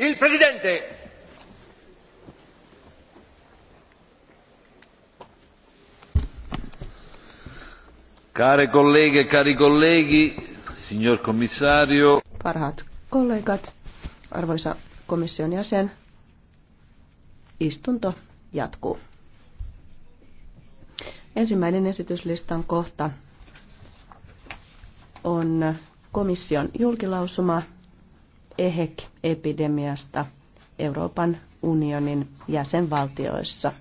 Il Presidente! Care colleghe, e cari colleghi, signor commissario. Parhaat kollegat, arvoisa komission jäsen, istunto jatkuu. Ensimmäinen esityslistan kohta on komission julkilausuma EHEC-epidemiasta Euroopan unionin jäsenvaltioissa.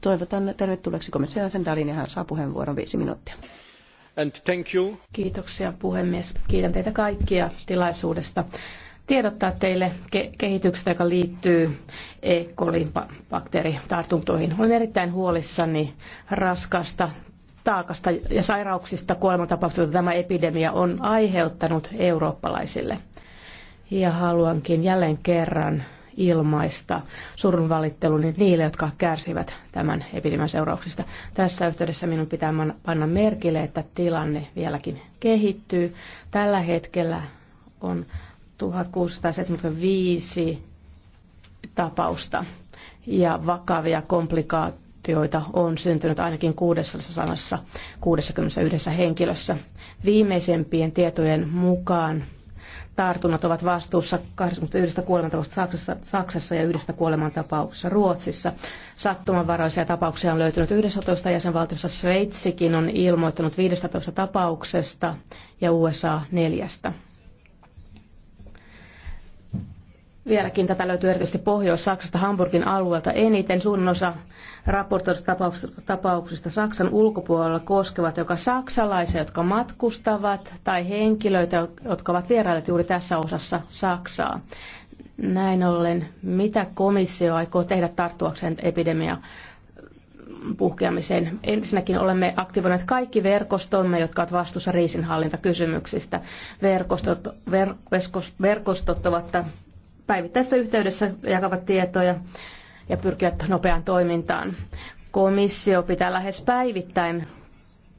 Toivotan tervetulleeksi komission jäsen Dalin ja hän saa puheenvuoron viisi minuuttia. And thank you. Kiitoksia puhemies. Kiitän teitä kaikkia tilaisuudesta tiedottaa teille ke- kehityksestä, joka liittyy E. coli bakteeritartuntoihin. Olen erittäin huolissani raskasta taakasta ja sairauksista kuolemantapauksista, joita tämä epidemia on aiheuttanut eurooppalaisille. Ja haluankin jälleen kerran ilmaista surun niille, jotka kärsivät tämän epidemian seurauksista. Tässä yhteydessä minun pitää panna merkille, että tilanne vieläkin kehittyy. Tällä hetkellä on 1675 tapausta ja vakavia komplikaatioita joita on syntynyt ainakin 661 henkilössä. Viimeisempien tietojen mukaan tartunnat ovat vastuussa 21 kuolemantapauksessa Saksassa, Saksassa ja yhdestä kuolemantapauksessa Ruotsissa. Sattumanvaraisia tapauksia on löytynyt 11 jäsenvaltiossa. Sveitsikin on ilmoittanut 15 tapauksesta ja USA neljästä. Vieläkin tätä löytyy erityisesti Pohjois-Saksasta, Hamburgin alueelta eniten. Suurin osa raportoidusta tapauksista Saksan ulkopuolella koskevat joko saksalaisia, jotka matkustavat, tai henkilöitä, jotka ovat vierailleet juuri tässä osassa Saksaa. Näin ollen, mitä komissio aikoo tehdä tarttuakseen epidemia puhkeamiseen. Ensinnäkin olemme aktivoineet kaikki verkostomme, jotka ovat vastuussa riisinhallintakysymyksistä. Verkostot, ver, verkostot ovat päivittäisessä yhteydessä jakavat tietoja ja pyrkivät nopeaan toimintaan. Komissio pitää lähes päivittäin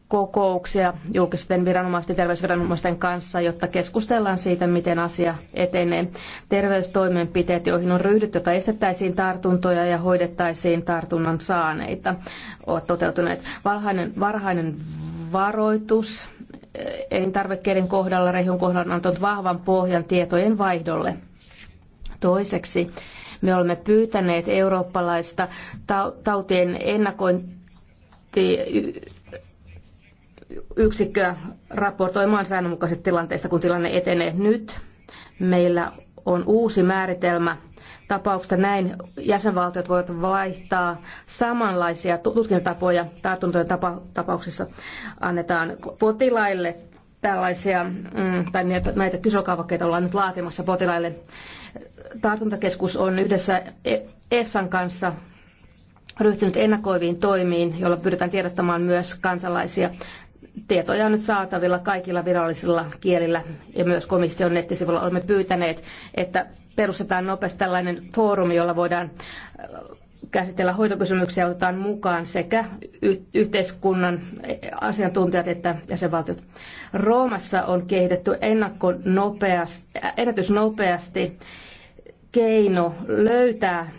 kokouksia julkisten viranomaisten ja terveysviranomaisten kanssa, jotta keskustellaan siitä, miten asia etenee. Terveystoimenpiteet, joihin on ryhdytty, jotta estettäisiin tartuntoja ja hoidettaisiin tartunnan saaneita, ovat toteutuneet. Valhainen, varhainen varoitus eh, elintarvikkeiden kohdalla, rehun kohdalla on antanut vahvan pohjan tietojen vaihdolle. Toiseksi me olemme pyytäneet eurooppalaista tautien ennakointi yksikköä raportoimaan säännönmukaisesta tilanteesta, kun tilanne etenee nyt. Meillä on uusi määritelmä tapauksesta. Näin jäsenvaltiot voivat vaihtaa samanlaisia tutkintatapoja tartuntojen tapa- tapauksissa. Annetaan potilaille tällaisia, mm, tai näitä kysokaavakkeita ollaan nyt laatimassa potilaille Tartuntakeskus on yhdessä e- EFSAn kanssa ryhtynyt ennakoiviin toimiin, joilla pyritään tiedottamaan myös kansalaisia. Tietoja on nyt saatavilla kaikilla virallisilla kielillä ja myös komission nettisivuilla olemme pyytäneet, että perustetaan nopeasti tällainen foorumi, jolla voidaan käsitellä hoitokysymyksiä otetaan mukaan sekä y- yhteiskunnan asiantuntijat että jäsenvaltiot. Roomassa on kehitetty ennätysnopeasti keino löytää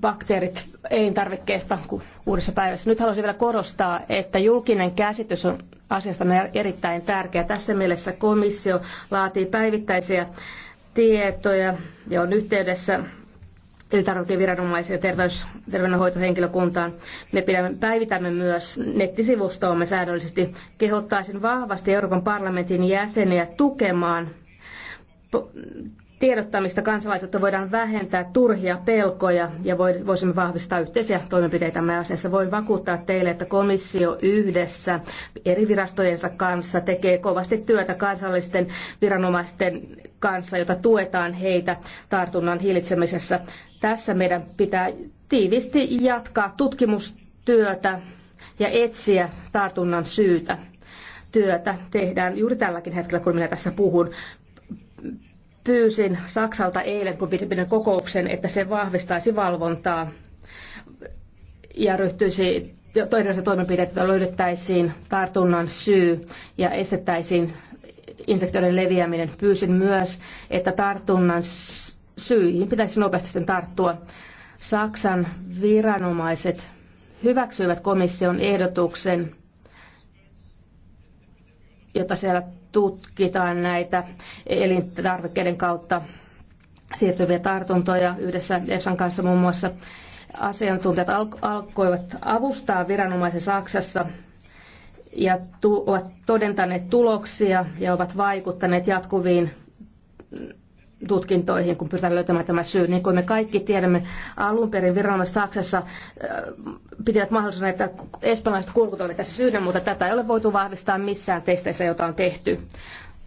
bakteerit elintarvikkeista uudessa päivässä. Nyt haluaisin vielä korostaa, että julkinen käsitys on asiasta erittäin tärkeä. Tässä mielessä komissio laatii päivittäisiä tietoja ja on yhteydessä elintarvikeviranomaisia terveys, terveydenhoitohenkilökuntaan. Me pidämme, päivitämme myös nettisivustoamme säännöllisesti. Kehottaisin vahvasti Euroopan parlamentin jäseniä tukemaan tiedottamista kansalaisuutta voidaan vähentää turhia pelkoja ja voisimme vahvistaa yhteisiä toimenpiteitämme asiassa. Voin vakuuttaa teille, että komissio yhdessä eri virastojensa kanssa tekee kovasti työtä kansallisten viranomaisten kanssa, jota tuetaan heitä tartunnan hillitsemisessä. Tässä meidän pitää tiivisti jatkaa tutkimustyötä ja etsiä tartunnan syytä. Työtä tehdään juuri tälläkin hetkellä, kun minä tässä puhun pyysin Saksalta eilen, kun pidin kokouksen, että se vahvistaisi valvontaa ja ryhtyisi toidensa toimenpiteitä, että löydettäisiin tartunnan syy ja estettäisiin infektioiden leviäminen. Pyysin myös, että tartunnan syihin pitäisi nopeasti sitten tarttua. Saksan viranomaiset hyväksyivät komission ehdotuksen, jota siellä tutkitaan näitä elintarvikkeiden kautta siirtyviä tartuntoja yhdessä EFSAn kanssa muun muassa. Asiantuntijat alkoivat avustaa viranomaisen Saksassa ja ovat todentaneet tuloksia ja ovat vaikuttaneet jatkuviin tutkintoihin, kun pyritään löytämään tämä syy. Niin kuin me kaikki tiedämme, alun perin viranomaiset Saksassa äh, pitivät mahdollisena, että espanjalaiset kulkut olivat tässä syynä, mutta tätä ei ole voitu vahvistaa missään testeissä, jota on tehty.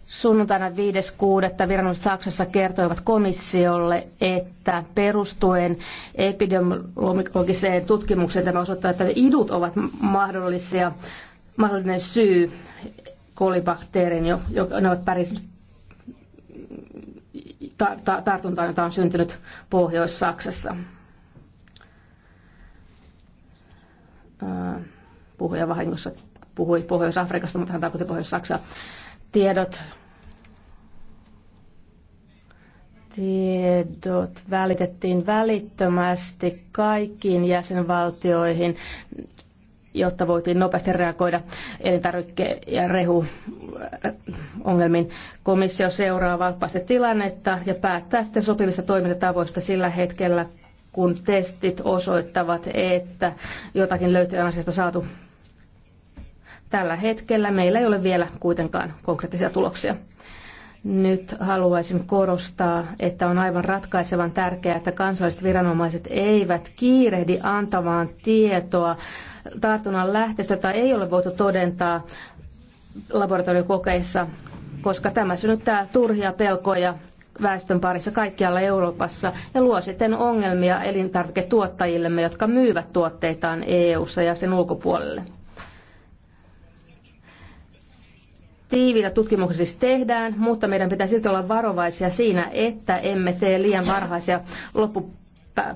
Sunnuntaina 5.6. viranomaiset Saksassa kertoivat komissiolle, että perustuen epidemiologiseen tutkimukseen tämä osoittaa, että idut ovat mahdollisia, mahdollinen syy kolibakteerin, jo, jo, ne ovat Pariisin Tartunta tartuntaan, jota on syntynyt Pohjois-Saksassa. Puhuja vahingossa puhui Pohjois-Afrikasta, mutta hän tarkoitti Pohjois-Saksaa. Tiedot tiedot välitettiin välittömästi kaikkiin jäsenvaltioihin jotta voitiin nopeasti reagoida elintarvikke- ja rehuongelmiin. Komissio seuraa valppaasti tilannetta ja päättää sitten sopivista toimintatavoista sillä hetkellä, kun testit osoittavat, että jotakin löytyy asiasta saatu. Tällä hetkellä meillä ei ole vielä kuitenkaan konkreettisia tuloksia. Nyt haluaisin korostaa, että on aivan ratkaisevan tärkeää, että kansalliset viranomaiset eivät kiirehdi antamaan tietoa tartunnan lähteestä, jota ei ole voitu todentaa laboratoriokokeissa, koska tämä synnyttää turhia pelkoja väestön parissa kaikkialla Euroopassa ja luo sitten ongelmia elintarviketuottajillemme, jotka myyvät tuotteitaan EU-ssa ja sen ulkopuolelle. tiiviitä tutkimuksia siis tehdään, mutta meidän pitää silti olla varovaisia siinä, että emme tee liian varhaisia loppu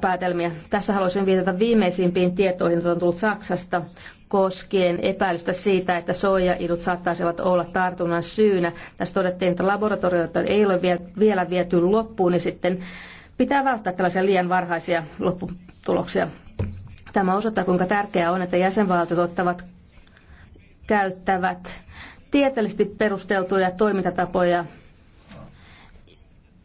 päätelmiä. Tässä haluaisin viitata viimeisimpiin tietoihin, joita on tullut Saksasta koskien epäilystä siitä, että soijaidut saattaisivat olla tartunnan syynä. Tässä todettiin, että laboratorioita ei ole vielä viety loppuun, niin sitten pitää välttää tällaisia liian varhaisia lopputuloksia. Tämä osoittaa, kuinka tärkeää on, että jäsenvaltiot ottavat käyttävät tieteellisesti perusteltuja toimintatapoja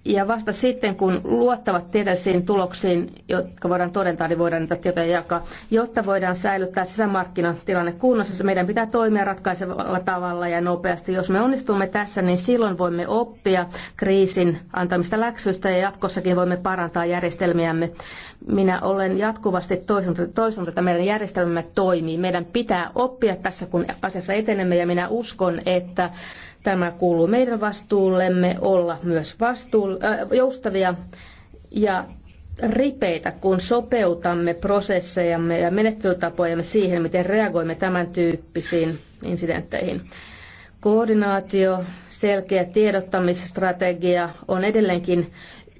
ja vasta sitten, kun luottavat tieteellisiin tuloksiin, jotka voidaan todentaa, niin voidaan niitä tietoja jakaa. Jotta voidaan säilyttää sisämarkkinatilanne kunnossa, meidän pitää toimia ratkaisevalla tavalla ja nopeasti. Jos me onnistumme tässä, niin silloin voimme oppia kriisin antamista läksyistä ja jatkossakin voimme parantaa järjestelmiämme. Minä olen jatkuvasti toistunut, että meidän järjestelmämme toimii. Meidän pitää oppia tässä, kun asiassa etenemme ja minä uskon, että Tämä kuuluu meidän vastuullemme olla myös vastuu, äh, joustavia ja ripeitä, kun sopeutamme prosessejamme ja menettelytapojamme siihen, miten reagoimme tämän tyyppisiin incidentteihin. Koordinaatio, selkeä tiedottamisstrategia on edelleenkin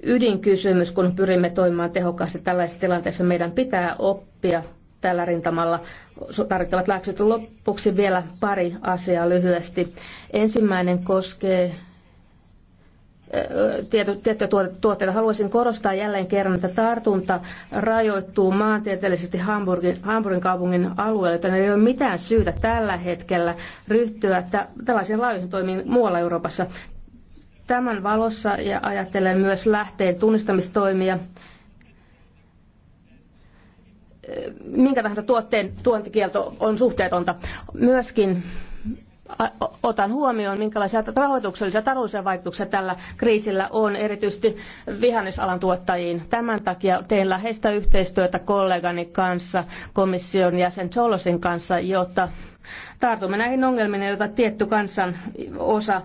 ydinkysymys, kun pyrimme toimimaan tehokkaasti tällaisessa tilanteessa. Meidän pitää oppia tällä rintamalla tarvittavat lääkset. Lopuksi vielä pari asiaa lyhyesti. Ensimmäinen koskee tiettyjä tuotteita. Haluaisin korostaa jälleen kerran, että tartunta rajoittuu maantieteellisesti Hamburgin, Hamburgin kaupungin alueelle, joten ei ole mitään syytä tällä hetkellä ryhtyä tällaisiin laajoihin toimiin muualla Euroopassa. Tämän valossa ja ajattelen myös lähteen tunnistamistoimia minkä tahansa tuotteen tuontikielto on suhteetonta. Myöskin otan huomioon, minkälaisia rahoituksellisia taloudellisia vaikutuksia tällä kriisillä on, erityisesti vihannesalan tuottajiin. Tämän takia teen läheistä yhteistyötä kollegani kanssa, komission jäsen Cholosin kanssa, jotta tartumme näihin ongelmiin, joita tietty kansan osa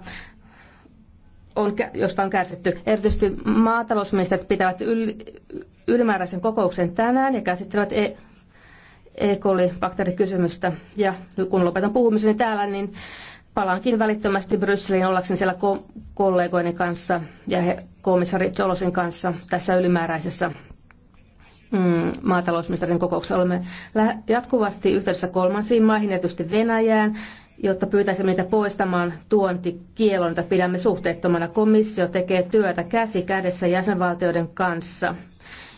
on, josta on kärsitty. Erityisesti maatalousministerit pitävät yl, ylimääräisen kokouksen tänään ja käsittelevät e, e. coli-bakteerikysymystä. Ja kun lopetan puhumiseni täällä, niin palaankin välittömästi Brysseliin ollakseni siellä ko- kollegoiden kanssa ja he, komissari Jolosin kanssa tässä ylimääräisessä mm, maatalousministerin kokouksessa. Olemme jatkuvasti yhteydessä kolmansiin maihin, erityisesti Venäjään, jotta pyytäisimme niitä poistamaan tuontikielon, jota pidämme suhteettomana. Komissio tekee työtä käsi kädessä jäsenvaltioiden kanssa,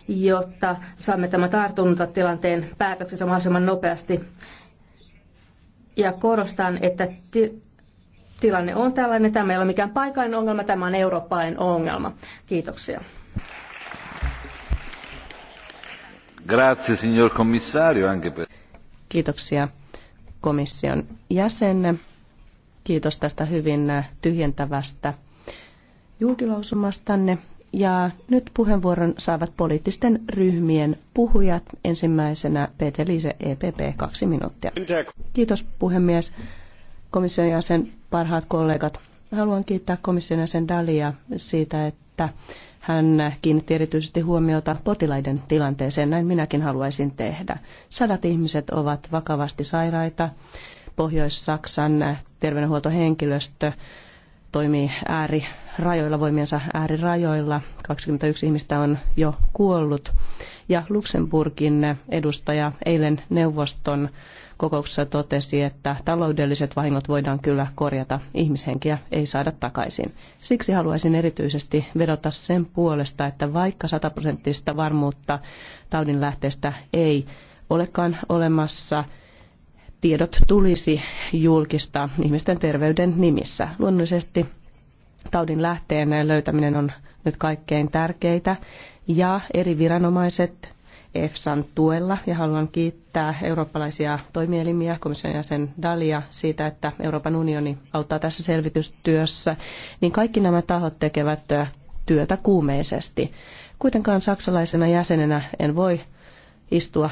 jotta saamme tämän tartuntatilanteen päätöksensä mahdollisimman nopeasti. Ja korostan, että ti tilanne on tällainen. Tämä ei ole mikään paikallinen ongelma, tämä on eurooppalainen ongelma. Kiitoksia. Grazie, signor commissario, anche per... Kiitoksia komission jäsen. Kiitos tästä hyvin tyhjentävästä julkilausumastanne. Ja nyt puheenvuoron saavat poliittisten ryhmien puhujat. Ensimmäisenä Peter Liise, EPP, kaksi minuuttia. Kiitos puhemies, komission jäsen, parhaat kollegat. Haluan kiittää komission jäsen Dalia siitä, että hän kiinnitti erityisesti huomiota potilaiden tilanteeseen, näin minäkin haluaisin tehdä. Sadat ihmiset ovat vakavasti sairaita. Pohjois-Saksan terveydenhuoltohenkilöstö toimii äärirajoilla, voimiensa äärirajoilla. 21 ihmistä on jo kuollut. Ja Luxemburgin edustaja eilen neuvoston kokouksessa totesi, että taloudelliset vahingot voidaan kyllä korjata, ihmishenkiä ei saada takaisin. Siksi haluaisin erityisesti vedota sen puolesta, että vaikka sataprosenttista varmuutta taudin lähteestä ei olekaan olemassa, tiedot tulisi julkistaa ihmisten terveyden nimissä. Luonnollisesti taudin lähteen löytäminen on nyt kaikkein tärkeintä ja eri viranomaiset EFSAn tuella ja haluan kiittää eurooppalaisia toimielimiä, komission jäsen Dalia siitä, että Euroopan unioni auttaa tässä selvitystyössä, niin kaikki nämä tahot tekevät äh, työtä kuumeisesti. Kuitenkaan saksalaisena jäsenenä en voi istua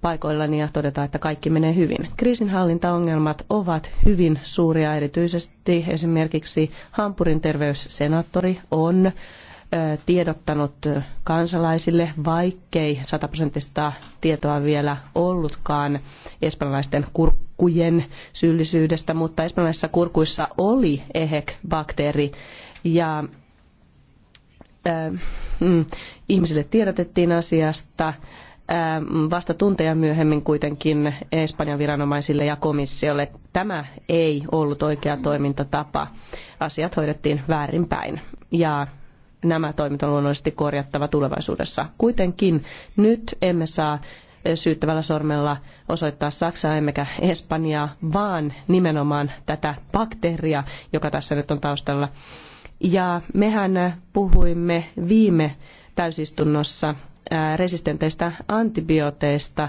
paikoillani ja todeta, että kaikki menee hyvin. Kriisinhallintaongelmat ovat hyvin suuria, erityisesti esimerkiksi Hampurin terveyssenaattori on tiedottanut kansalaisille, vaikkei sataprosenttista tietoa vielä ollutkaan espanjalaisten kurkkujen syyllisyydestä, mutta espanjalaisissa kurkuissa oli EHEC-bakteeri ja mm, ihmisille tiedotettiin asiasta. Vasta tunteja myöhemmin kuitenkin Espanjan viranomaisille ja komissiolle tämä ei ollut oikea toimintatapa. Asiat hoidettiin väärinpäin. Ja nämä toimet on luonnollisesti korjattava tulevaisuudessa. Kuitenkin nyt emme saa eh, syyttävällä sormella osoittaa Saksaa emmekä Espanjaa, vaan nimenomaan tätä bakteeria, joka tässä nyt on taustalla. Ja mehän puhuimme viime täysistunnossa eh, resistenteistä antibiooteista,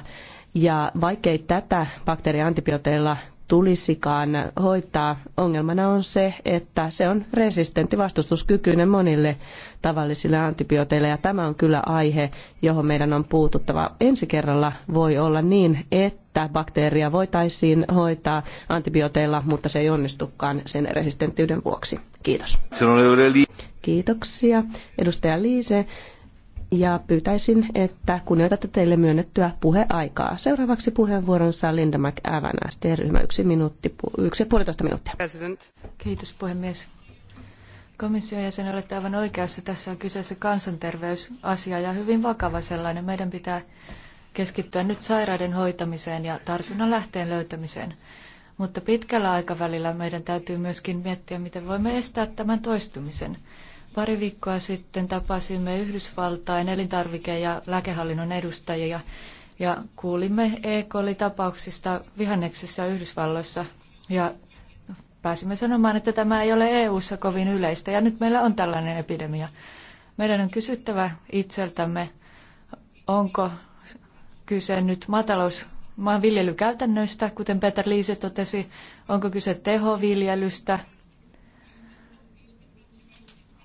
ja vaikkei tätä bakteeria antibiooteilla tulisikaan hoitaa. Ongelmana on se, että se on resistentti vastustuskykyinen monille tavallisille antibiooteille ja tämä on kyllä aihe, johon meidän on puututtava. Ensi kerralla voi olla niin, että bakteeria voitaisiin hoitaa antibiooteilla, mutta se ei onnistukaan sen resistenttiyden vuoksi. Kiitos. Kiitoksia. Edustaja Liise ja pyytäisin, että kunnioitatte teille myönnettyä puheaikaa. Seuraavaksi puheenvuoronsa Linda McAvan, ST-ryhmä, yksi, minuutti, yksi ja puolitoista minuuttia. President. Kiitos puhemies. Komission jäsen olette aivan oikeassa. Tässä on kyseessä kansanterveysasia ja hyvin vakava sellainen. Meidän pitää keskittyä nyt sairaiden hoitamiseen ja tartunnan lähteen löytämiseen. Mutta pitkällä aikavälillä meidän täytyy myöskin miettiä, miten voimme estää tämän toistumisen. Pari viikkoa sitten tapasimme Yhdysvaltain elintarvike- ja lääkehallinnon edustajia ja kuulimme E. coli-tapauksista vihanneksissa Yhdysvalloissa ja pääsimme sanomaan, että tämä ei ole EU-ssa kovin yleistä ja nyt meillä on tällainen epidemia. Meidän on kysyttävä itseltämme, onko kyse nyt maatalous maanviljelykäytännöistä, kuten Peter Liise totesi, onko kyse tehoviljelystä,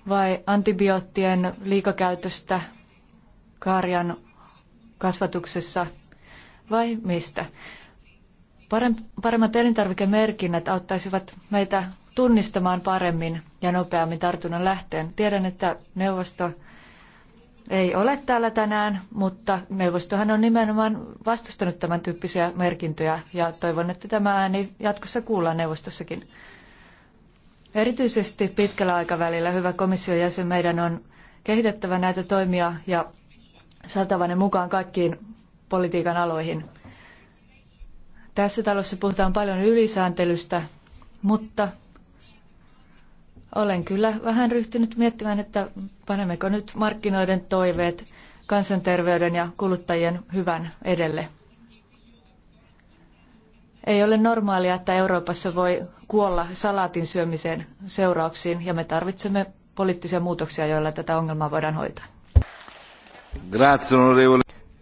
vai antibioottien liikakäytöstä karjan kasvatuksessa vai mistä? Paremmat elintarvikemerkinnät auttaisivat meitä tunnistamaan paremmin ja nopeammin tartunnan lähteen. Tiedän, että neuvosto ei ole täällä tänään, mutta neuvostohan on nimenomaan vastustanut tämän tyyppisiä merkintöjä ja toivon, että tämä ääni jatkossa kuullaan neuvostossakin. Erityisesti pitkällä aikavälillä, hyvä komission jäsen, meidän on kehitettävä näitä toimia ja saatava ne mukaan kaikkiin politiikan aloihin. Tässä talossa puhutaan paljon ylisääntelystä, mutta olen kyllä vähän ryhtynyt miettimään, että panemmeko nyt markkinoiden toiveet kansanterveyden ja kuluttajien hyvän edelle. Ei ole normaalia, että Euroopassa voi kuolla salaatin syömisen seurauksiin ja me tarvitsemme poliittisia muutoksia, joilla tätä ongelmaa voidaan hoitaa.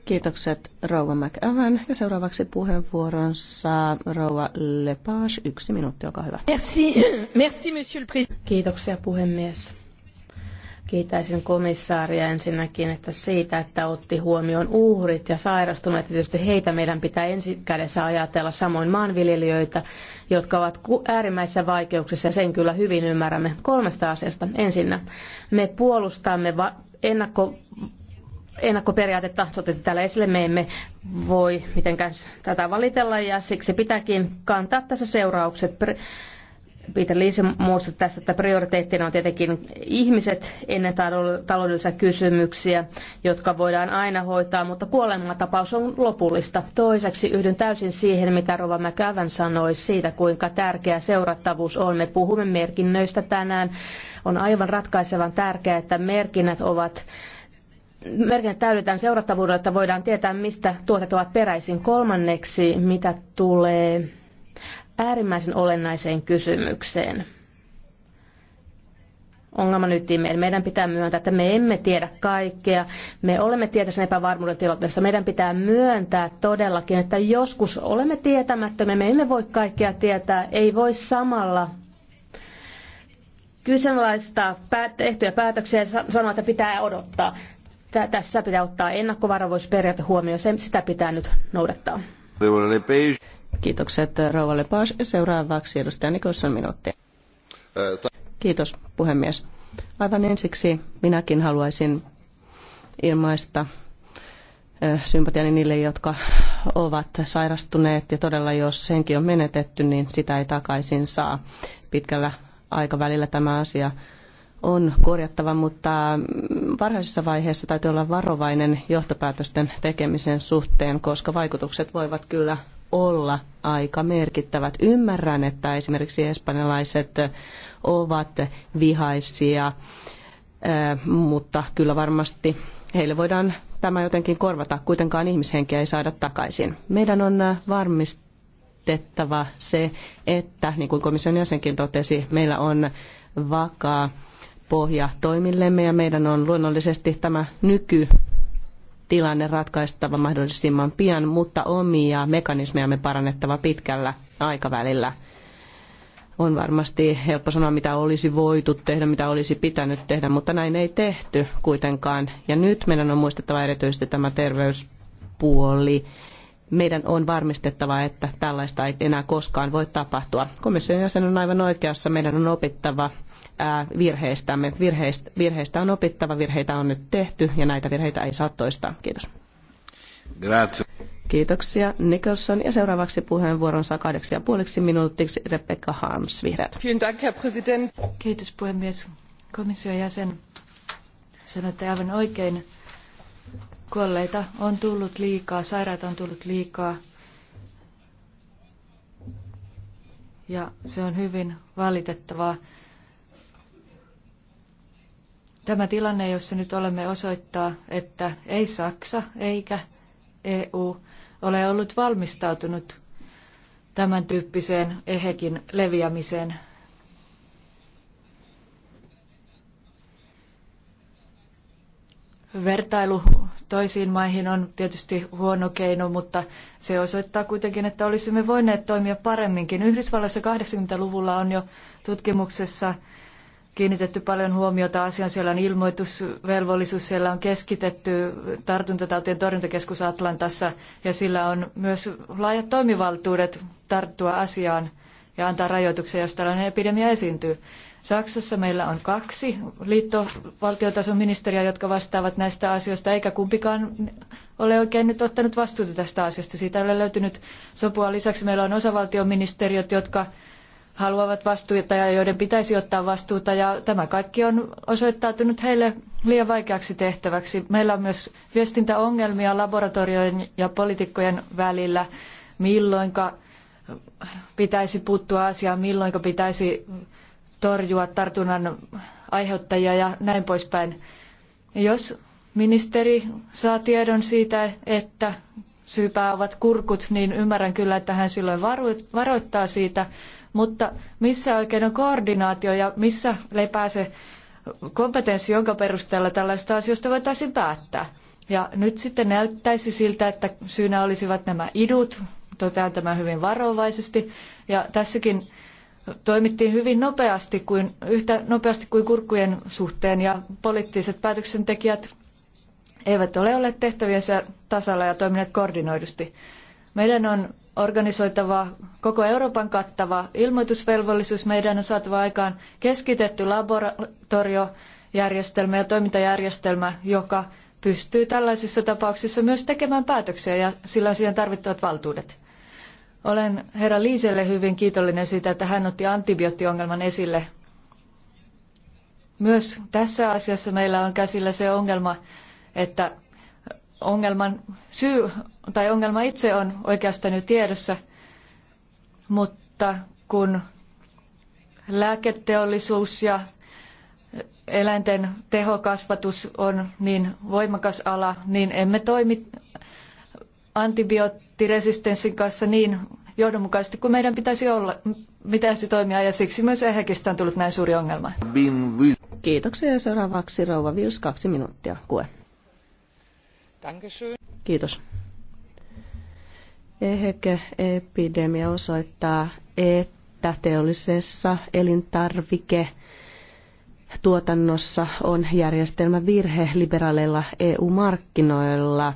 Kiitokset rouva McAvan. Ja seuraavaksi puheenvuoron saa rouva Lepage. Yksi minuutti, olkaa hyvä. Merci, merci monsieur le président. Kiitoksia puhemies. Kiitäisin komissaaria ensinnäkin että siitä, että otti huomioon uhrit ja sairastuneet. Tietysti heitä meidän pitää ensi kädessä ajatella, samoin maanviljelijöitä, jotka ovat äärimmäisissä vaikeuksissa ja sen kyllä hyvin ymmärrämme. Kolmesta asiasta. Ensinnä me puolustamme va- ennakko ennakkoperiaatetta otettiin täällä esille. Me emme voi mitenkään tätä valitella ja siksi pitääkin kantaa tässä seuraukset. Peter Liise muistutti tässä, että prioriteettina on tietenkin ihmiset ennen taloudellisia kysymyksiä, jotka voidaan aina hoitaa, mutta kuolematapaus on lopullista. Toiseksi yhdyn täysin siihen, mitä Rova Mäkävän sanoi siitä, kuinka tärkeä seurattavuus on. Me puhumme merkinnöistä tänään. On aivan ratkaisevan tärkeää, että merkinnät ovat merkinnät täydetään seurattavuudella, että voidaan tietää, mistä tuotet ovat peräisin. Kolmanneksi, mitä tulee äärimmäisen olennaiseen kysymykseen ongelman ytimeen. Meidän pitää myöntää, että me emme tiedä kaikkea. Me olemme tietoisen epävarmuuden tilanteessa. Meidän pitää myöntää todellakin, että joskus olemme tietämättömiä. Me emme voi kaikkea tietää. Ei voi samalla kyseenalaistaa tehtyjä päätöksiä ja sanoa, että pitää odottaa. Tässä pitää ottaa ennakkovarovuusperiaate huomioon. Sitä pitää nyt noudattaa. Kiitokset Rouva Lepage. Seuraavaksi edustaja Nikolson minuutti. Kiitos puhemies. Aivan ensiksi minäkin haluaisin ilmaista sympatiani niille, jotka ovat sairastuneet ja todella jos senkin on menetetty, niin sitä ei takaisin saa. Pitkällä aikavälillä tämä asia on korjattava, mutta mm, varhaisessa vaiheessa täytyy olla varovainen johtopäätösten tekemisen suhteen, koska vaikutukset voivat kyllä olla aika merkittävät. Ymmärrän, että esimerkiksi espanjalaiset ovat vihaisia, äh, mutta kyllä varmasti heille voidaan tämä jotenkin korvata. Kuitenkaan ihmishenkiä ei saada takaisin. Meidän on äh, varmistettava se, että, niin kuin komission jäsenkin totesi, meillä on vakaa pohja toimillemme ja meidän on luonnollisesti tämä nyky tilanne ratkaistava mahdollisimman pian, mutta omia mekanismejamme parannettava pitkällä aikavälillä. On varmasti helppo sanoa, mitä olisi voitu tehdä, mitä olisi pitänyt tehdä, mutta näin ei tehty kuitenkaan. Ja nyt meidän on muistettava erityisesti tämä terveyspuoli meidän on varmistettava, että tällaista ei enää koskaan voi tapahtua. Komission jäsen on aivan oikeassa. Meidän on opittava virheistämme. Virheistä, virheistä on opittava, virheitä on nyt tehty ja näitä virheitä ei saa toistaa. Kiitos. Grazie. Kiitoksia Nicholson. Ja seuraavaksi puheenvuoron saa kahdeksi ja puoliksi minuutiksi Rebecca Harms, vihreät. Kiitos puhemies. Komission jäsen sanoitte aivan oikein, Kuolleita on tullut liikaa, sairaita on tullut liikaa. Ja se on hyvin valitettavaa. Tämä tilanne, jossa nyt olemme, osoittaa, että ei Saksa eikä EU ole ollut valmistautunut tämän tyyppiseen ehekin leviämiseen Vertailu toisiin maihin on tietysti huono keino, mutta se osoittaa kuitenkin, että olisimme voineet toimia paremminkin. Yhdysvalloissa 80-luvulla on jo tutkimuksessa kiinnitetty paljon huomiota asiaan. Siellä on ilmoitusvelvollisuus, siellä on keskitetty tartuntatautien torjuntakeskus Atlantassa ja sillä on myös laajat toimivaltuudet tarttua asiaan ja antaa rajoituksia, jos tällainen epidemia esiintyy. Saksassa meillä on kaksi liittovaltiotason ministeriä, jotka vastaavat näistä asioista, eikä kumpikaan ole oikein nyt ottanut vastuuta tästä asiasta. Siitä ei ole löytynyt sopua. Lisäksi meillä on osavaltioministeriöt, jotka haluavat vastuuta ja joiden pitäisi ottaa vastuuta ja tämä kaikki on osoittautunut heille liian vaikeaksi tehtäväksi. Meillä on myös viestintäongelmia laboratorioiden ja poliitikkojen välillä, milloinka pitäisi puuttua asiaan, milloinka pitäisi torjua tartunnan aiheuttajia ja näin poispäin. Jos ministeri saa tiedon siitä, että syypää ovat kurkut, niin ymmärrän kyllä, että hän silloin varoittaa siitä, mutta missä oikein on koordinaatio ja missä lepää se kompetenssi, jonka perusteella tällaista asioista voitaisiin päättää. Ja nyt sitten näyttäisi siltä, että syynä olisivat nämä idut, totean tämän hyvin varovaisesti, ja tässäkin toimittiin hyvin nopeasti kuin, yhtä nopeasti kuin kurkkujen suhteen ja poliittiset päätöksentekijät eivät ole olleet tehtäviensä tasalla ja toimineet koordinoidusti. Meidän on organisoitava koko Euroopan kattava ilmoitusvelvollisuus. Meidän on saatava aikaan keskitetty laboratoriojärjestelmä ja toimintajärjestelmä, joka pystyy tällaisissa tapauksissa myös tekemään päätöksiä ja sillä on siihen tarvittavat valtuudet. Olen herra Liiselle hyvin kiitollinen siitä, että hän otti antibioottiongelman esille. Myös tässä asiassa meillä on käsillä se ongelma, että ongelman syy tai ongelma itse on oikeastaan jo tiedossa, mutta kun lääketeollisuus ja eläinten tehokasvatus on niin voimakas ala, niin emme toimi antibioot antibioottiresistenssin kanssa niin johdonmukaisesti kuin meidän pitäisi olla, pitäisi toimia ja siksi myös ehekistä on tullut näin suuri ongelma. Kiitoksia ja seuraavaksi Rouva Vils, kaksi minuuttia. Kue. Kiitos. Eheke-epidemia osoittaa, että teollisessa elintarvike tuotannossa on järjestelmävirhe liberaaleilla EU-markkinoilla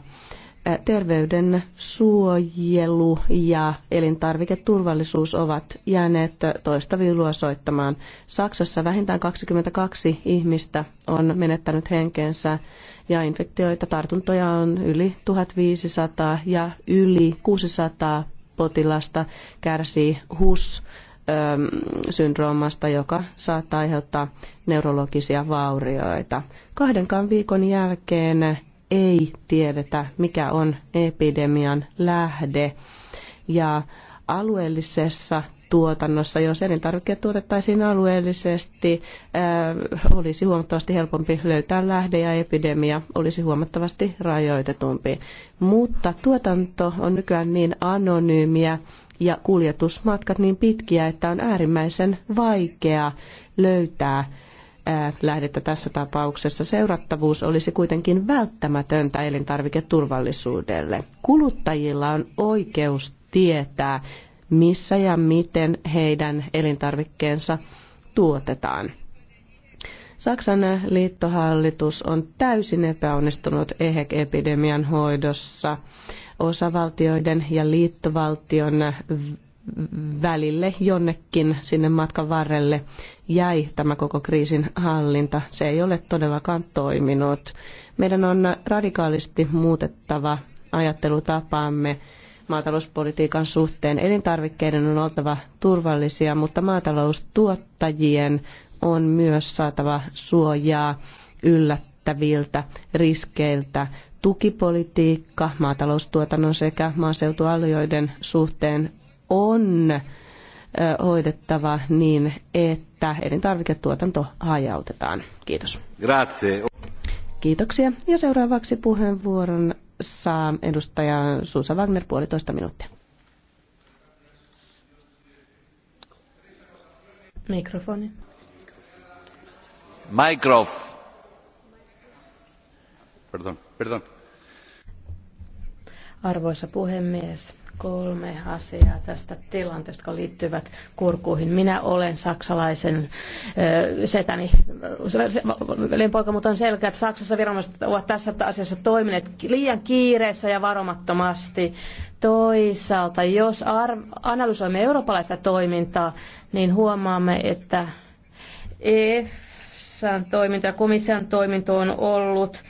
terveyden suojelu ja elintarviketurvallisuus ovat jääneet toista viulua soittamaan. Saksassa vähintään 22 ihmistä on menettänyt henkensä ja infektioita, tartuntoja on yli 1500 ja yli 600 potilasta kärsii HUS syndroomasta, joka saattaa aiheuttaa neurologisia vaurioita. Kahdenkaan viikon jälkeen ei tiedetä, mikä on epidemian lähde. Ja alueellisessa tuotannossa, jos elintarvikkeet tuotettaisiin alueellisesti, äh, olisi huomattavasti helpompi löytää lähde ja epidemia olisi huomattavasti rajoitetumpi. Mutta tuotanto on nykyään niin anonyymiä ja kuljetusmatkat niin pitkiä, että on äärimmäisen vaikea löytää lähdettä tässä tapauksessa. Seurattavuus olisi kuitenkin välttämätöntä elintarviketurvallisuudelle. Kuluttajilla on oikeus tietää, missä ja miten heidän elintarvikkeensa tuotetaan. Saksan liittohallitus on täysin epäonnistunut EHEC-epidemian hoidossa. Osavaltioiden ja liittovaltion välille jonnekin sinne matkan varrelle jäi tämä koko kriisin hallinta. Se ei ole todellakaan toiminut. Meidän on radikaalisti muutettava ajattelutapaamme maatalouspolitiikan suhteen. Elintarvikkeiden on oltava turvallisia, mutta maataloustuottajien on myös saatava suojaa yllättäviltä riskeiltä. Tukipolitiikka maataloustuotannon sekä maaseutualueiden suhteen on hoidettava niin, että elintarviketuotanto hajautetaan. Kiitos. Grazie. Kiitoksia. Ja seuraavaksi puheenvuoron saa edustaja Susa Wagner puolitoista minuuttia. Mikrofoni. Mikrof. Pardon, pardon. Arvoisa puhemies, kolme asiaa tästä tilanteesta, jotka liittyvät kurkuihin. Minä olen saksalaisen setäni poika, mutta on selkeä, että Saksassa viranomaiset ovat tässä asiassa toimineet liian kiireessä ja varomattomasti. Toisaalta, jos analysoimme eurooppalaista toimintaa, niin huomaamme, että EFSAn toiminta ja komission toiminto on ollut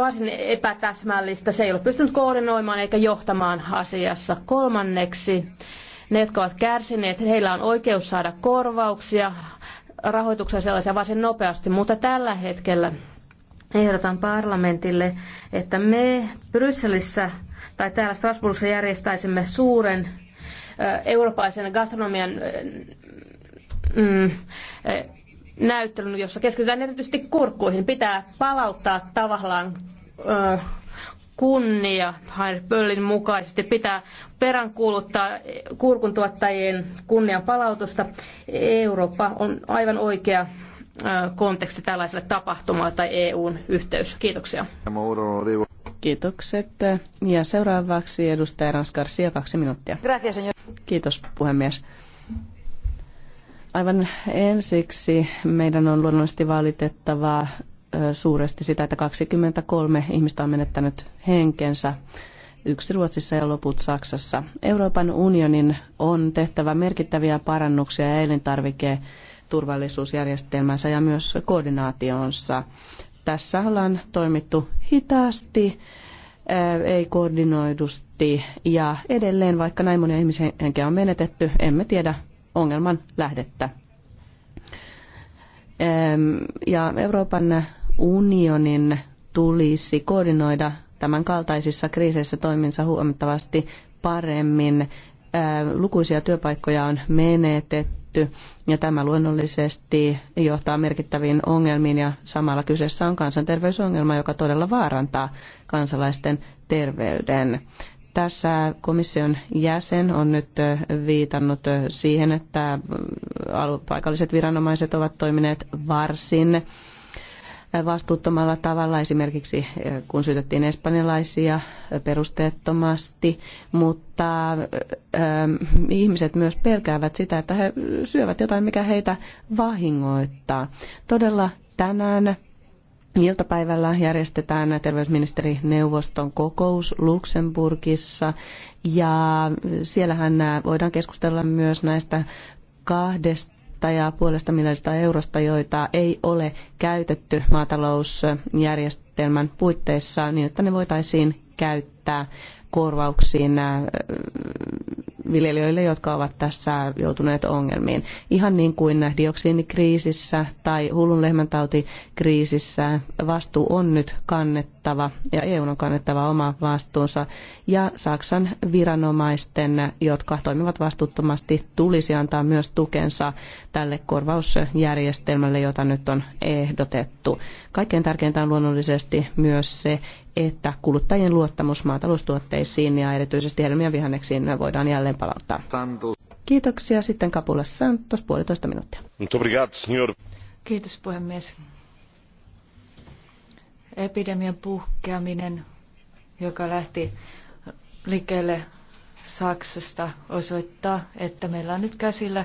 varsin epätäsmällistä. Se ei ole pystynyt koordinoimaan eikä johtamaan asiassa. Kolmanneksi, ne, jotka ovat kärsineet, heillä on oikeus saada korvauksia rahoituksen sellaisia varsin nopeasti, mutta tällä hetkellä ehdotan parlamentille, että me Brysselissä tai täällä Strasbourgissa järjestäisimme suuren eurooppalaisen gastronomian mm, näyttelyn, jossa keskitytään erityisesti kurkkuihin. Pitää palauttaa tavallaan ö, kunnia Heinrich Böllin mukaisesti. Pitää peräänkuuluttaa kurkun tuottajien kunnian palautusta. Eurooppa on aivan oikea konteksti tällaiselle tapahtumalle tai EUn yhteys. Kiitoksia. Kiitokset. Ja seuraavaksi edustaja Ranskarsia kaksi minuuttia. Kiitos puhemies. Aivan ensiksi meidän on luonnollisesti valitettava suuresti sitä, että 23 ihmistä on menettänyt henkensä, yksi Ruotsissa ja loput Saksassa. Euroopan unionin on tehtävä merkittäviä parannuksia elintarvike turvallisuusjärjestelmänsä ja myös koordinaationsa. Tässä ollaan toimittu hitaasti, ei koordinoidusti ja edelleen, vaikka näin monia ihmishenkeä on menetetty, emme tiedä ongelman lähdettä. Ja Euroopan unionin tulisi koordinoida tämän kaltaisissa kriiseissä toiminsa huomattavasti paremmin. Lukuisia työpaikkoja on menetetty ja tämä luonnollisesti johtaa merkittäviin ongelmiin ja samalla kyseessä on kansanterveysongelma, joka todella vaarantaa kansalaisten terveyden. Tässä komission jäsen on nyt viitannut siihen, että paikalliset viranomaiset ovat toimineet varsin vastuuttomalla tavalla, esimerkiksi kun syytettiin espanjalaisia perusteettomasti, mutta ihmiset myös pelkäävät sitä, että he syövät jotain, mikä heitä vahingoittaa. Todella tänään Iltapäivällä järjestetään terveysministerineuvoston kokous Luxemburgissa ja siellähän voidaan keskustella myös näistä kahdesta ja puolesta miljardista eurosta, joita ei ole käytetty maatalousjärjestelmän puitteissa niin, että ne voitaisiin käyttää korvauksiin äh, viljelijöille, jotka ovat tässä joutuneet ongelmiin. Ihan niin kuin dioksiinikriisissä tai hullun lehmäntautikriisissä vastuu on nyt kannettava ja EU on kannettava oma vastuunsa ja Saksan viranomaisten, jotka toimivat vastuuttomasti, tulisi antaa myös tukensa tälle korvausjärjestelmälle, jota nyt on ehdotettu. Kaikkein tärkeintä on luonnollisesti myös se, että kuluttajien luottamus maataloustuotteisiin ja erityisesti hedelmien vihanneksiin voidaan jälleen palauttaa. Kiitoksia. Sitten Kapula Santos, puolitoista minuuttia. Kiitos puhemies. Epidemian puhkeaminen, joka lähti liikkeelle Saksasta, osoittaa, että meillä on nyt käsillä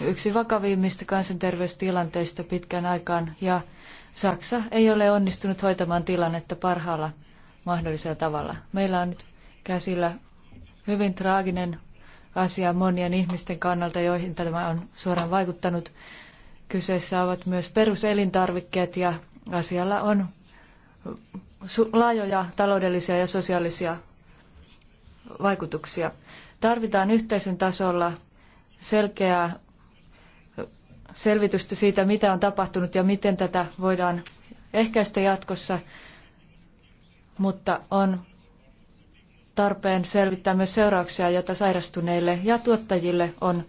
yksi vakavimmista kansanterveystilanteista pitkän aikaan ja Saksa ei ole onnistunut hoitamaan tilannetta parhaalla mahdollisella tavalla. Meillä on nyt käsillä hyvin traaginen asia monien ihmisten kannalta, joihin tämä on suoraan vaikuttanut. Kyseessä ovat myös peruselintarvikkeet ja asialla on laajoja taloudellisia ja sosiaalisia vaikutuksia. Tarvitaan yhteisön tasolla selkeää selvitystä siitä, mitä on tapahtunut ja miten tätä voidaan ehkäistä jatkossa, mutta on tarpeen selvittää myös seurauksia, joita sairastuneille ja tuottajille on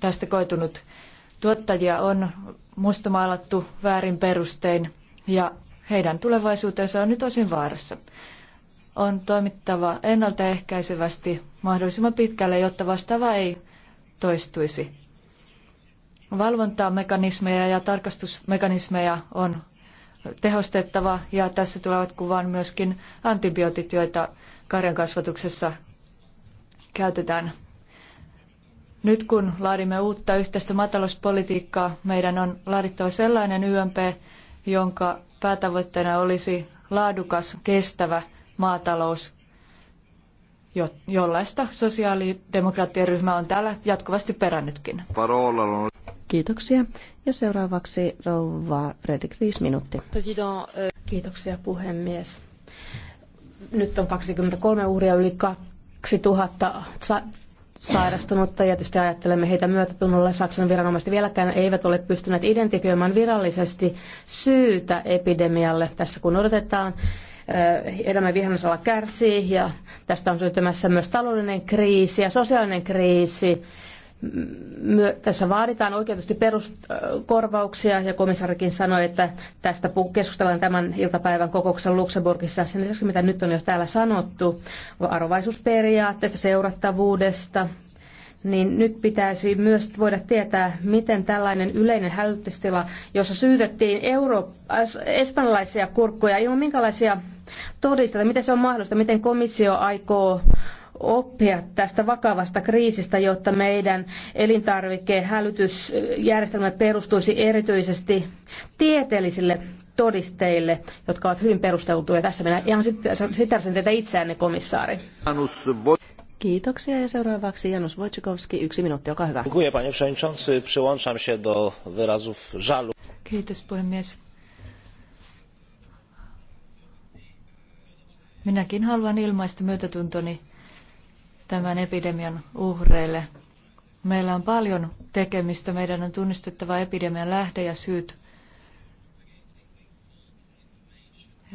tästä koitunut. Tuottajia on mustamaalattu väärin perustein ja heidän tulevaisuutensa on nyt osin vaarassa. On toimittava ennaltaehkäisevästi mahdollisimman pitkälle, jotta vastaava ei toistuisi valvontamekanismeja ja tarkastusmekanismeja on tehostettava ja tässä tulevat kuvaan myöskin antibiootit, joita karjankasvatuksessa käytetään. Nyt kun laadimme uutta yhteistä maatalouspolitiikkaa, meidän on laadittava sellainen YMP, jonka päätavoitteena olisi laadukas, kestävä maatalous, jollaista sosiaalidemokraattien ryhmä on täällä jatkuvasti perännytkin. Kiitoksia. Ja seuraavaksi rouva Fredrik Riis, minuutti. Kiitoksia puhemies. Nyt on 23 uhria yli 2000 sairastunutta ja tietysti ajattelemme heitä myötätunnolla. Saksan viranomaiset vieläkään eivät ole pystyneet identifioimaan virallisesti syytä epidemialle tässä kun odotetaan. Elämän vihannusala kärsii ja tästä on syntymässä myös taloudellinen kriisi ja sosiaalinen kriisi tässä vaaditaan oikeutusti peruskorvauksia ja komissarikin sanoi, että tästä keskustellaan tämän iltapäivän kokouksessa Luxemburgissa. Sen lisäksi, mitä nyt on jo täällä sanottu, varovaisuusperiaatteesta, seurattavuudesta, niin nyt pitäisi myös voida tietää, miten tällainen yleinen hälytystila, jossa syytettiin euro- espanjalaisia kurkkuja ilman minkälaisia todisteita, miten se on mahdollista, miten komissio aikoo oppia tästä vakavasta kriisistä, jotta meidän elintarvikkeen hälytysjärjestelmä perustuisi erityisesti tieteellisille todisteille, jotka ovat hyvin perusteltuja. Tässä minä ihan sitärsen teitä itseänne, komissaari. Kiitoksia ja seuraavaksi Janusz Wojciechowski, yksi minuutti, olkaa hyvä. Dziękuję panie przewodniczący, przyłączam się do Kiitos puhemies. Minäkin haluan ilmaista myötätuntoni tämän epidemian uhreille. Meillä on paljon tekemistä. Meidän on tunnistettava epidemian lähde ja syyt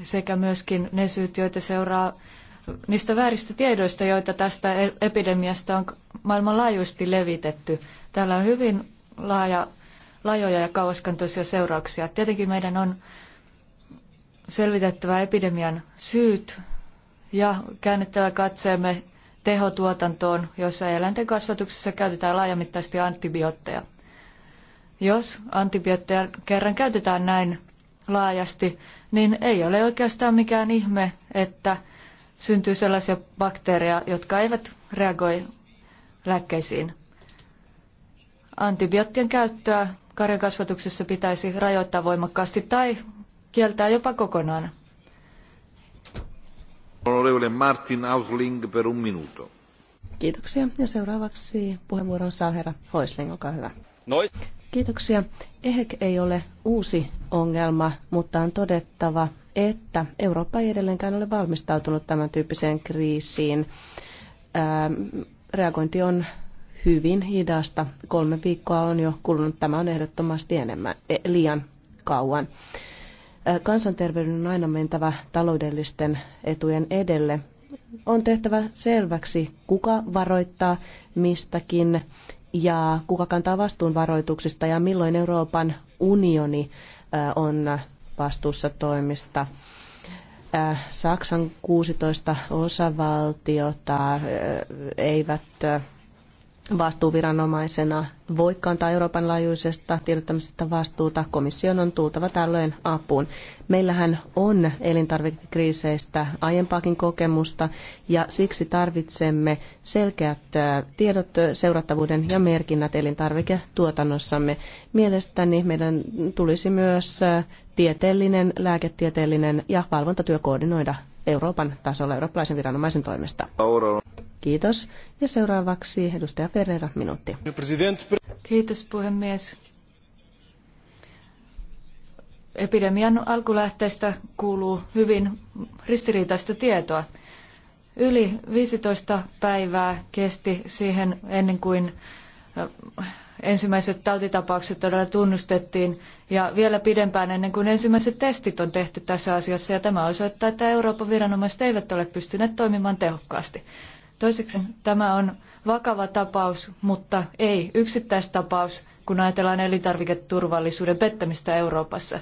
sekä myöskin ne syyt, joita seuraa niistä vääristä tiedoista, joita tästä e- epidemiasta on maailmanlaajuisesti levitetty. Täällä on hyvin laaja, laajoja ja kauaskantoisia seurauksia. Tietenkin meidän on selvitettävä epidemian syyt ja käännettävä katseemme tehotuotantoon, jossa eläinten kasvatuksessa käytetään laajamittaisesti antibiootteja. Jos antibiootteja kerran käytetään näin laajasti, niin ei ole oikeastaan mikään ihme, että syntyy sellaisia bakteereja, jotka eivät reagoi lääkkeisiin. Antibioottien käyttöä kasvatuksessa pitäisi rajoittaa voimakkaasti tai kieltää jopa kokonaan. Onorevole Martin Ausling per un minuto. Kiitoksia. Ja seuraavaksi puheenvuoron saa herra Hoisling, olkaa hyvä. Nois. Kiitoksia. EHEC ei ole uusi ongelma, mutta on todettava, että Eurooppa ei edelleenkään ole valmistautunut tämän tyyppiseen kriisiin. Ää, ähm, reagointi on hyvin hidasta. Kolme viikkoa on jo kulunut. Tämä on ehdottomasti enemmän, eh, liian kauan. Kansanterveyden on aina mentävä taloudellisten etujen edelle. On tehtävä selväksi, kuka varoittaa mistäkin ja kuka kantaa vastuun varoituksista ja milloin Euroopan unioni on vastuussa toimista. Saksan 16 osavaltiota eivät vastuuviranomaisena voi kantaa Euroopan laajuisesta tiedottamisesta vastuuta, komission on tultava tällöin apuun. Meillähän on elintarvikekriiseistä aiempaakin kokemusta ja siksi tarvitsemme selkeät tiedot, seurattavuuden ja merkinnät elintarviketuotannossamme. Mielestäni meidän tulisi myös tieteellinen, lääketieteellinen ja valvontatyö koordinoida Euroopan tasolla eurooppalaisen viranomaisen toimesta. Kiitos. Ja seuraavaksi edustaja Ferreira, minuutti. Kiitos puhemies. Epidemian alkulähteistä kuuluu hyvin ristiriitaista tietoa. Yli 15 päivää kesti siihen ennen kuin äh, ensimmäiset tautitapaukset todella tunnustettiin ja vielä pidempään ennen kuin ensimmäiset testit on tehty tässä asiassa ja tämä osoittaa, että Euroopan viranomaiset eivät ole pystyneet toimimaan tehokkaasti. Toiseksi tämä on vakava tapaus, mutta ei yksittäistapaus, kun ajatellaan elintarviketurvallisuuden pettämistä Euroopassa.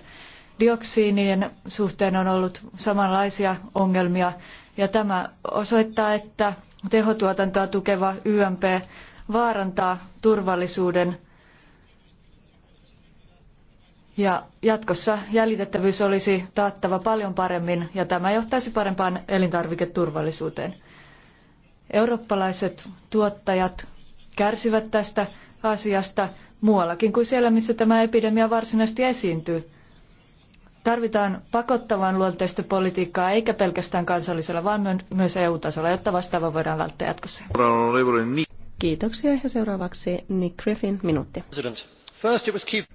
Dioksiinien suhteen on ollut samanlaisia ongelmia ja tämä osoittaa, että tehotuotantoa tukeva YMP vaarantaa turvallisuuden ja jatkossa jäljitettävyys olisi taattava paljon paremmin ja tämä johtaisi parempaan elintarviketurvallisuuteen. Eurooppalaiset tuottajat kärsivät tästä asiasta muuallakin kuin siellä, missä tämä epidemia varsinaisesti esiintyy. Tarvitaan pakottavan luonteista politiikkaa, eikä pelkästään kansallisella, vaan myös EU-tasolla, jotta vastaava voidaan välttää jatkossa. Kiitoksia ja seuraavaksi Nick Griffin, minuutti. President.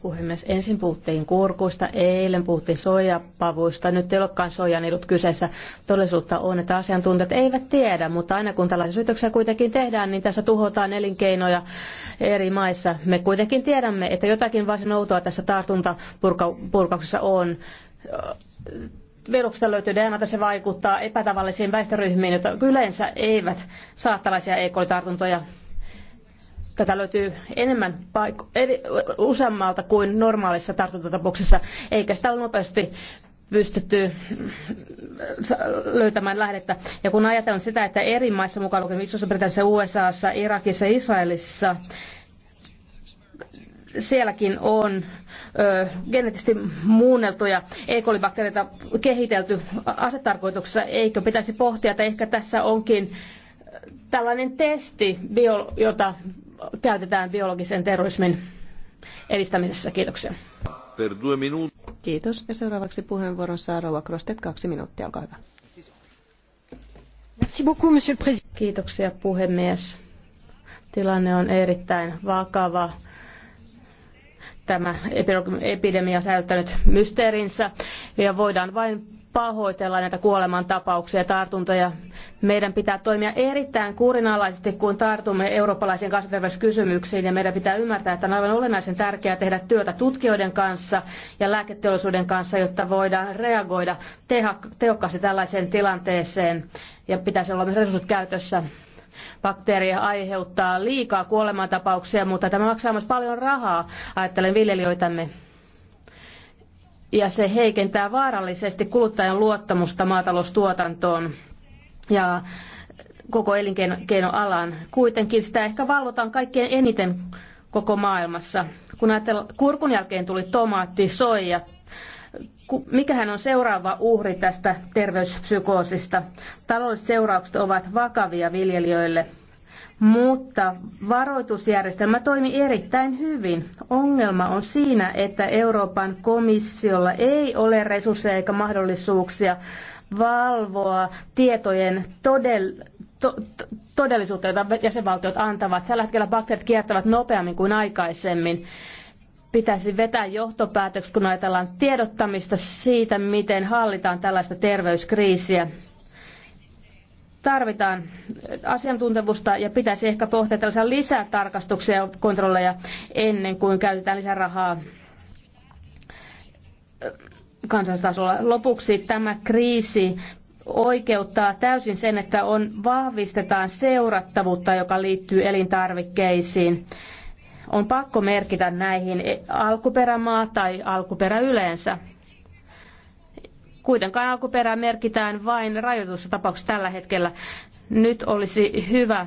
Puhemies, ensin puhuttiin kurkuista, eilen puhuttiin soijapavuista, nyt ei olekaan soijan edut kyseessä. Todellisuutta on, että asiantuntijat eivät tiedä, mutta aina kun tällaisia syytöksiä kuitenkin tehdään, niin tässä tuhotaan elinkeinoja eri maissa. Me kuitenkin tiedämme, että jotakin varsin outoa tässä tartuntapurkauksessa on viruksesta löytyy DNAta, se vaikuttaa epätavallisiin väestöryhmiin, jotka yleensä eivät saa tällaisia E. coli-tartuntoja tätä löytyy enemmän paik- eri, useammalta kuin normaalissa tartuntatapauksessa, eikä sitä ole nopeasti pystytty mm, löytämään lähdettä. Ja kun ajatellaan sitä, että eri maissa mukaan lukien isossa britanniassa USAssa, Irakissa ja Israelissa sielläkin on ö, geneettisesti muunneltuja E. coli-bakteereita kehitelty asetarkoituksessa, eikö pitäisi pohtia, että ehkä tässä onkin tällainen testi, jota käytetään biologisen terrorismin edistämisessä. Kiitoksia. Kiitos. Ja seuraavaksi puheenvuoron saa Rouva Krostet. Kaksi minuuttia, olkaa hyvä. Kiitoksia puhemies. Tilanne on erittäin vakava. Tämä epidemia on säilyttänyt mysteerinsä ja voidaan vain pahoitella näitä kuolemantapauksia ja tartuntoja. Meidän pitää toimia erittäin kurinalaisesti, kun tartumme eurooppalaisiin kasvaterveyskysymyksiin ja meidän pitää ymmärtää, että on aivan olennaisen tärkeää tehdä työtä tutkijoiden kanssa ja lääketeollisuuden kanssa, jotta voidaan reagoida tehokkaasti tällaiseen tilanteeseen, ja pitäisi olla myös resurssit käytössä bakteeria aiheuttaa liikaa kuolemantapauksia, mutta tämä maksaa myös paljon rahaa, ajattelen viljelijöitämme ja se heikentää vaarallisesti kuluttajan luottamusta maataloustuotantoon ja koko elinkeinoalan. Kuitenkin sitä ehkä valvotaan kaikkein eniten koko maailmassa. Kun ajatellaan, kurkun jälkeen tuli tomaatti, soija, mikähän on seuraava uhri tästä terveyspsykoosista? Taloudelliset seuraukset ovat vakavia viljelijöille mutta varoitusjärjestelmä toimi erittäin hyvin. Ongelma on siinä, että Euroopan komissiolla ei ole resursseja eikä mahdollisuuksia valvoa tietojen todell- to- todellisuutta, jota jäsenvaltiot antavat. Tällä hetkellä bakteerit kiertävät nopeammin kuin aikaisemmin pitäisi vetää johtopäätökset, kun ajatellaan tiedottamista siitä, miten hallitaan tällaista terveyskriisiä tarvitaan asiantuntevusta ja pitäisi ehkä pohtia tällaisia lisätarkastuksia ja kontrolleja ennen kuin käytetään lisää rahaa kansallistasolla. Lopuksi tämä kriisi oikeuttaa täysin sen, että on vahvistetaan seurattavuutta, joka liittyy elintarvikkeisiin. On pakko merkitä näihin alkuperämaa tai alkuperä yleensä. Kuitenkaan alkuperää merkitään vain rajoitussa tapauksessa tällä hetkellä. Nyt olisi hyvä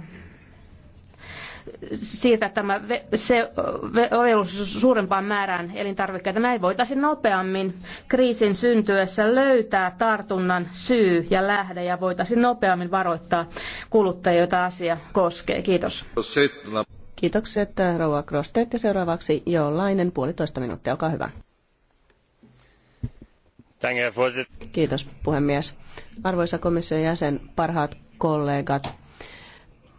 siirtää tämä se, velvollisuus suurempaan määrään elintarvikkeita. Näin voitaisiin nopeammin kriisin syntyessä löytää tartunnan syy ja lähde ja voitaisiin nopeammin varoittaa kuluttajia, joita asia koskee. Kiitos. Kiitokset Rouva Krosteet ja seuraavaksi Joolainen puolitoista minuuttia, olkaa hyvä. Kiitos puhemies. Arvoisa komission jäsen, parhaat kollegat.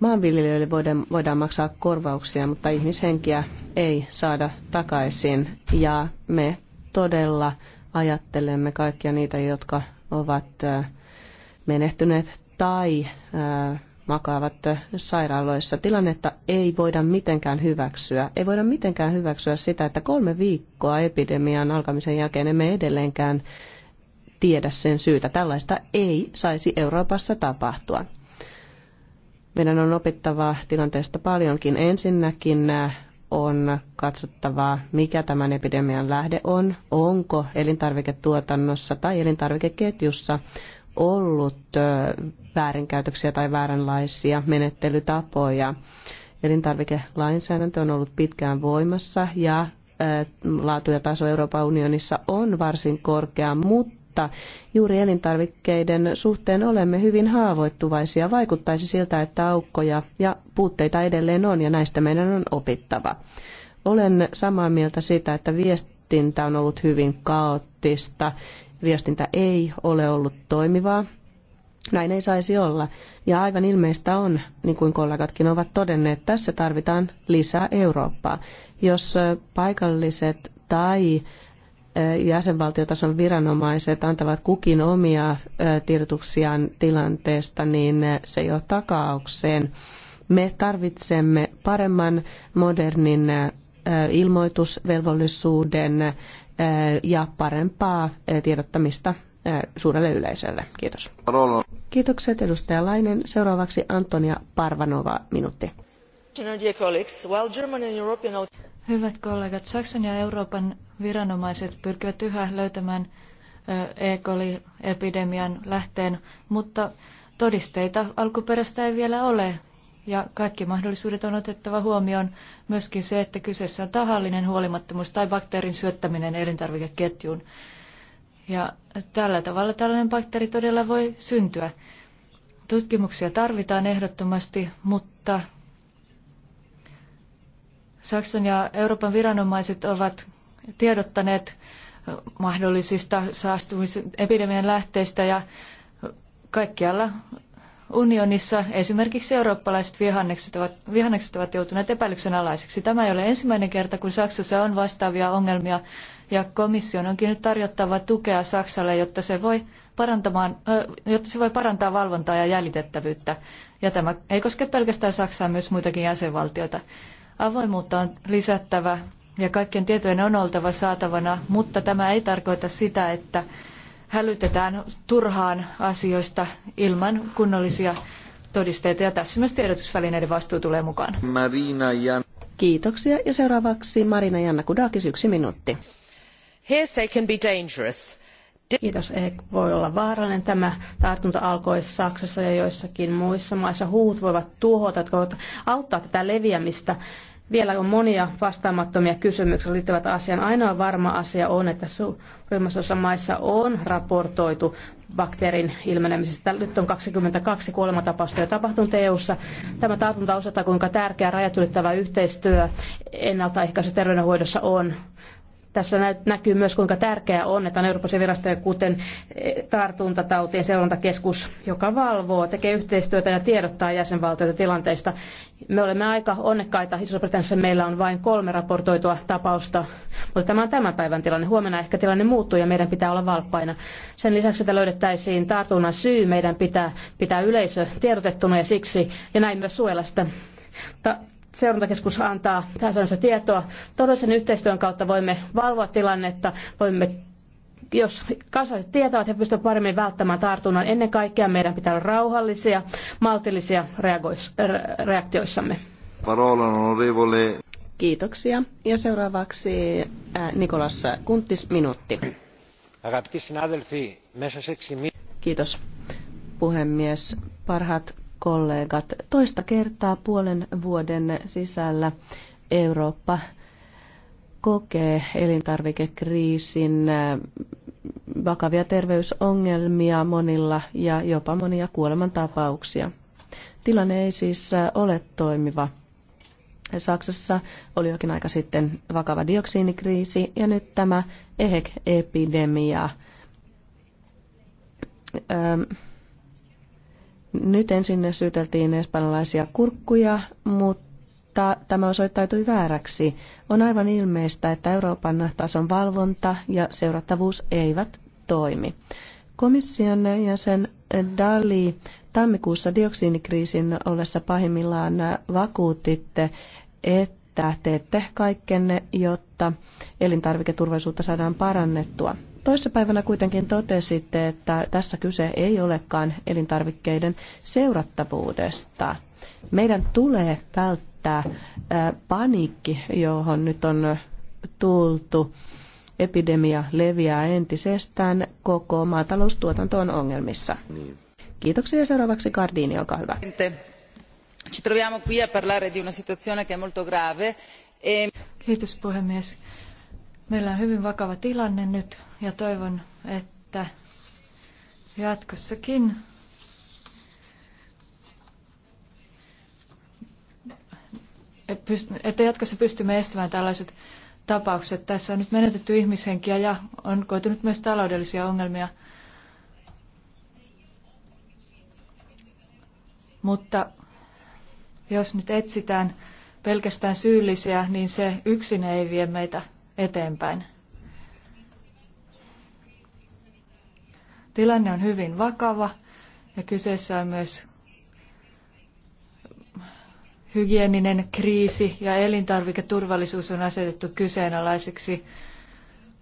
Maanviljelijöille voidaan, maksaa korvauksia, mutta ihmishenkiä ei saada takaisin. Ja me todella ajattelemme kaikkia niitä, jotka ovat äh, menehtyneet tai äh, makaavat sairaaloissa. Tilannetta ei voida mitenkään hyväksyä. Ei voida mitenkään hyväksyä sitä, että kolme viikkoa epidemian alkamisen jälkeen emme edelleenkään tiedä sen syytä. Tällaista ei saisi Euroopassa tapahtua. Meidän on opittava tilanteesta paljonkin. Ensinnäkin äh, on katsottava, mikä tämän epidemian lähde on, onko elintarviketuotannossa tai elintarvikeketjussa ollut väärinkäytöksiä tai vääränlaisia menettelytapoja. Elintarvikelainsäädäntö on ollut pitkään voimassa ja laatu ja taso Euroopan unionissa on varsin korkea, mutta juuri elintarvikkeiden suhteen olemme hyvin haavoittuvaisia. Vaikuttaisi siltä, että aukkoja ja puutteita edelleen on ja näistä meidän on opittava. Olen samaa mieltä siitä, että viestintä on ollut hyvin kaoottista viestintä ei ole ollut toimivaa. Näin ei saisi olla. Ja aivan ilmeistä on, niin kuin kollegatkin ovat todenneet, tässä tarvitaan lisää Eurooppaa. Jos paikalliset tai jäsenvaltiotason viranomaiset antavat kukin omia tiedotuksiaan tilanteesta, niin se johtaa kaaukseen. Me tarvitsemme paremman modernin ilmoitusvelvollisuuden ja parempaa tiedottamista suurelle yleisölle. Kiitos. Kiitokset edustaja Lainen. Seuraavaksi Antonia Parvanova, minuutti. Hyvät kollegat, Saksan ja Euroopan viranomaiset pyrkivät yhä löytämään E. coli-epidemian lähteen, mutta todisteita alkuperästä ei vielä ole ja kaikki mahdollisuudet on otettava huomioon myöskin se, että kyseessä on tahallinen huolimattomuus tai bakteerin syöttäminen elintarvikeketjuun. Ja tällä tavalla tällainen bakteeri todella voi syntyä. Tutkimuksia tarvitaan ehdottomasti, mutta Saksan ja Euroopan viranomaiset ovat tiedottaneet mahdollisista saastumisen epidemian lähteistä ja kaikkialla unionissa esimerkiksi eurooppalaiset vihannekset ovat, vihannekset ovat joutuneet epäilyksen alaiseksi. Tämä ei ole ensimmäinen kerta, kun Saksassa on vastaavia ongelmia ja komission onkin nyt tarjottava tukea Saksalle, jotta se voi, parantamaan, jotta se voi parantaa valvontaa ja jäljitettävyyttä. Ja tämä ei koske pelkästään Saksaa, myös muitakin jäsenvaltioita. Avoimuutta on lisättävä ja kaikkien tietojen on oltava saatavana, mutta tämä ei tarkoita sitä, että hälytetään turhaan asioista ilman kunnollisia todisteita. Ja tässä myös tiedotusvälineiden vastuu tulee mukaan. Marina Jan... Kiitoksia. Ja seuraavaksi Marina Janna Kudakis, yksi minuutti. Hearsay can be dangerous. Kiitos. Voi olla vaarallinen tämä tartunta alkoi Saksassa ja joissakin muissa maissa. Huut voivat tuhota, jotka voivat auttaa tätä leviämistä vielä on monia vastaamattomia kysymyksiä liittyvät asiaan. Ainoa varma asia on, että suurimmassa osassa maissa on raportoitu bakteerin ilmenemisestä. Nyt on 22 kuolematapausta jo tapahtunut EU-ssa. Tämä tartunta osoittaa, kuinka tärkeä rajat ylittävä yhteistyö ennaltaehkäisy terveydenhoidossa on. Tässä näkyy myös, kuinka tärkeää on, että on Euroopan virastoja, kuten eh, tartuntatautien seurantakeskus, joka valvoo, tekee yhteistyötä ja tiedottaa jäsenvaltioita tilanteista. Me olemme aika onnekkaita. Iso-Britanniassa meillä on vain kolme raportoitua tapausta, mutta tämä on tämän päivän tilanne. Huomenna ehkä tilanne muuttuu ja meidän pitää olla valppaina. Sen lisäksi, että löydettäisiin tartunnan syy, meidän pitää pitää yleisö tiedotettuna ja siksi, ja näin myös suojella sitä seurantakeskus antaa tässä tietoa. Todellisen yhteistyön kautta voimme valvoa tilannetta, voimme jos kansalaiset tietävät, he pystyvät paremmin välttämään tartunnan. Ennen kaikkea meidän pitää olla rauhallisia, maltillisia reaktioissamme. Kiitoksia. Ja seuraavaksi äh, Nikolas Kuntis minuutti. Kiitos, puhemies. Parhaat kollegat. Toista kertaa puolen vuoden sisällä Eurooppa kokee elintarvikekriisin äh, vakavia terveysongelmia monilla ja jopa monia kuolemantapauksia. Tilanne ei siis äh, ole toimiva. Saksassa oli jokin aika sitten vakava dioksiinikriisi ja nyt tämä EHEC-epidemia. Öö, ähm, nyt ensin syyteltiin espanjalaisia kurkkuja, mutta tämä osoittautui vääräksi. On aivan ilmeistä, että Euroopan tason valvonta ja seurattavuus eivät toimi. Komission jäsen Dali tammikuussa dioksiinikriisin ollessa pahimmillaan vakuutitte, että teette kaikkenne, jotta elintarviketurvallisuutta saadaan parannettua. Toissapäivänä kuitenkin totesitte, että tässä kyse ei olekaan elintarvikkeiden seurattavuudesta. Meidän tulee välttää paniikki, johon nyt on tultu. Epidemia leviää entisestään, koko maataloustuotanto on ongelmissa. Niin. Kiitoksia. Seuraavaksi Gardini, olkaa hyvä. Ci troviamo qui a parlare di una situazione che è molto grave. E... Kiitos puhemies. Meillä on hyvin vakava tilanne nyt ja toivon, että jatkossakin että jatkossa pystymme estämään tällaiset tapaukset. Tässä on nyt menetetty ihmishenkiä ja on koitunut myös taloudellisia ongelmia. Mutta jos nyt etsitään pelkästään syyllisiä, niin se yksin ei vie meitä eteenpäin. Tilanne on hyvin vakava ja kyseessä on myös hygieninen kriisi ja elintarviketurvallisuus on asetettu kyseenalaiseksi,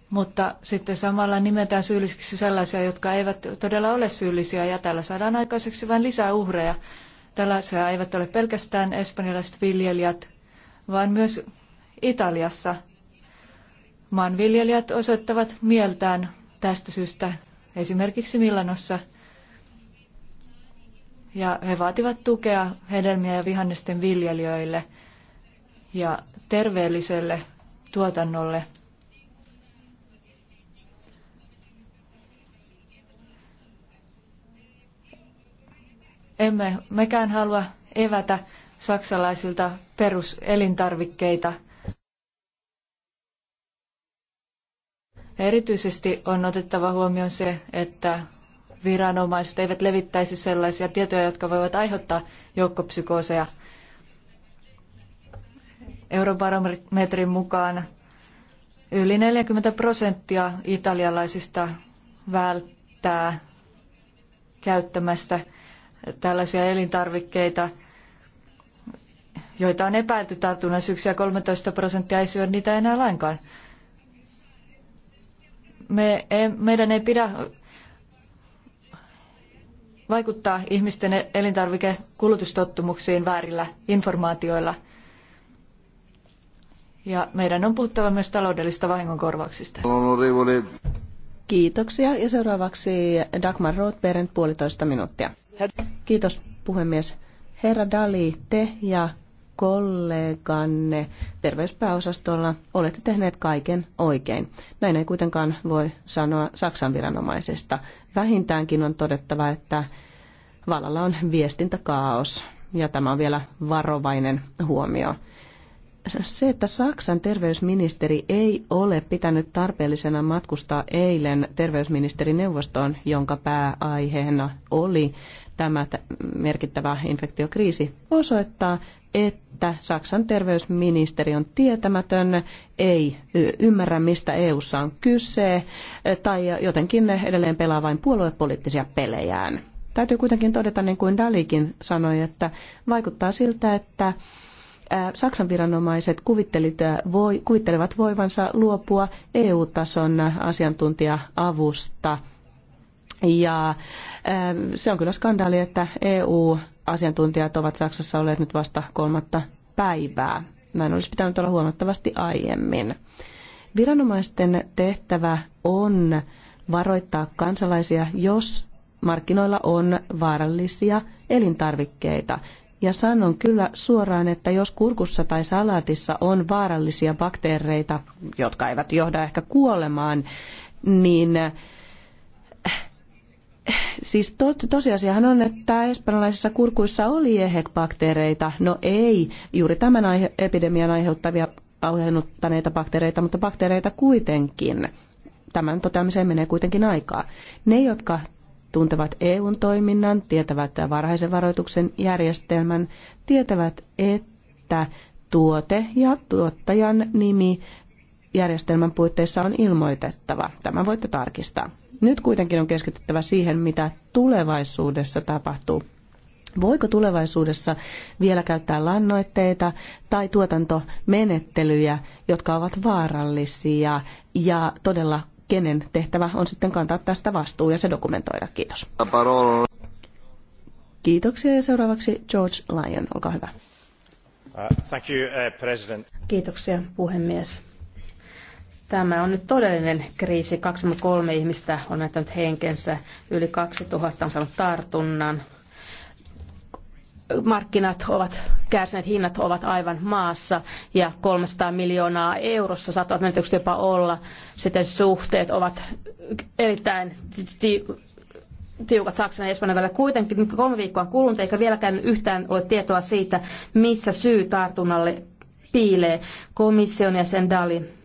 mutta sitten samalla nimetään syyllisiksi sellaisia, jotka eivät todella ole syyllisiä ja tällä saadaan aikaiseksi vain lisää uhreja. Tällaisia eivät ole pelkästään espanjalaiset viljelijät, vaan myös Italiassa maanviljelijät osoittavat mieltään tästä syystä esimerkiksi Milanossa. Ja he vaativat tukea hedelmiä ja vihannesten viljelijöille ja terveelliselle tuotannolle. Emme mekään halua evätä saksalaisilta peruselintarvikkeita – Erityisesti on otettava huomioon se, että viranomaiset eivät levittäisi sellaisia tietoja, jotka voivat aiheuttaa joukkopsykooseja. Eurobarometrin mukaan yli 40 prosenttia italialaisista välttää käyttämästä tällaisia elintarvikkeita, joita on epäilty tartunnan syyksi ja 13 prosenttia ei syö niitä enää lainkaan. Me, meidän ei pidä vaikuttaa ihmisten elintarvikekulutustottumuksiin väärillä informaatioilla. Ja meidän on puhuttava myös taloudellista vahingonkorvauksista. Kiitoksia ja seuraavaksi Dagmar Rothberg puolitoista minuuttia. Kiitos puhemies. Herra Dali, te ja kolleganne terveyspääosastolla olette tehneet kaiken oikein. Näin ei kuitenkaan voi sanoa Saksan viranomaisista. Vähintäänkin on todettava, että vallalla on viestintäkaos ja tämä on vielä varovainen huomio. Se, että Saksan terveysministeri ei ole pitänyt tarpeellisena matkustaa eilen terveysministerineuvostoon, jonka pääaiheena oli tämä merkittävä infektiokriisi osoittaa, että Saksan terveysministeri on tietämätön, ei ymmärrä mistä EU:ssa on kyse tai jotenkin edelleen pelaa vain puoluepoliittisia pelejään. Täytyy kuitenkin todeta, niin kuin Dalikin sanoi, että vaikuttaa siltä, että Saksan viranomaiset kuvittelevat voivansa luopua EU-tason asiantuntija-avusta – ja ähm, se on kyllä skandaali, että EU-asiantuntijat ovat Saksassa olleet nyt vasta kolmatta päivää. Näin olisi pitänyt olla huomattavasti aiemmin. Viranomaisten tehtävä on varoittaa kansalaisia, jos markkinoilla on vaarallisia elintarvikkeita. Ja sanon kyllä suoraan, että jos kurkussa tai salaatissa on vaarallisia bakteereita, jotka eivät johda ehkä kuolemaan, niin Siis tot, tosiasiahan on, että espanjalaisissa kurkuissa oli EHEC-bakteereita. No ei, juuri tämän aihe, epidemian aiheuttavia aiheuttaneita bakteereita, mutta bakteereita kuitenkin. Tämän toteamiseen menee kuitenkin aikaa. Ne, jotka tuntevat EUn toiminnan, tietävät varhaisen varoituksen järjestelmän, tietävät, että tuote ja tuottajan nimi järjestelmän puitteissa on ilmoitettava. Tämän voitte tarkistaa. Nyt kuitenkin on keskityttävä siihen, mitä tulevaisuudessa tapahtuu. Voiko tulevaisuudessa vielä käyttää lannoitteita tai tuotantomenettelyjä, jotka ovat vaarallisia ja todella kenen tehtävä on sitten kantaa tästä vastuu ja se dokumentoida. Kiitos. Kiitoksia ja seuraavaksi George Lyon, olkaa hyvä. Uh, thank you, uh, president. Kiitoksia puhemies Tämä on nyt todellinen kriisi. 23 ihmistä on näyttänyt henkensä, yli 2000 on saanut tartunnan. Markkinat ovat kärsineet, hinnat ovat aivan maassa ja 300 miljoonaa eurossa saattavat menetykset jopa olla. Sitten suhteet ovat erittäin tiukat Saksan ja Espanjan välillä. Kuitenkin kolme viikkoa on kulunut eikä vieläkään yhtään ole tietoa siitä, missä syy tartunnalle piilee. Komission ja sen Dalin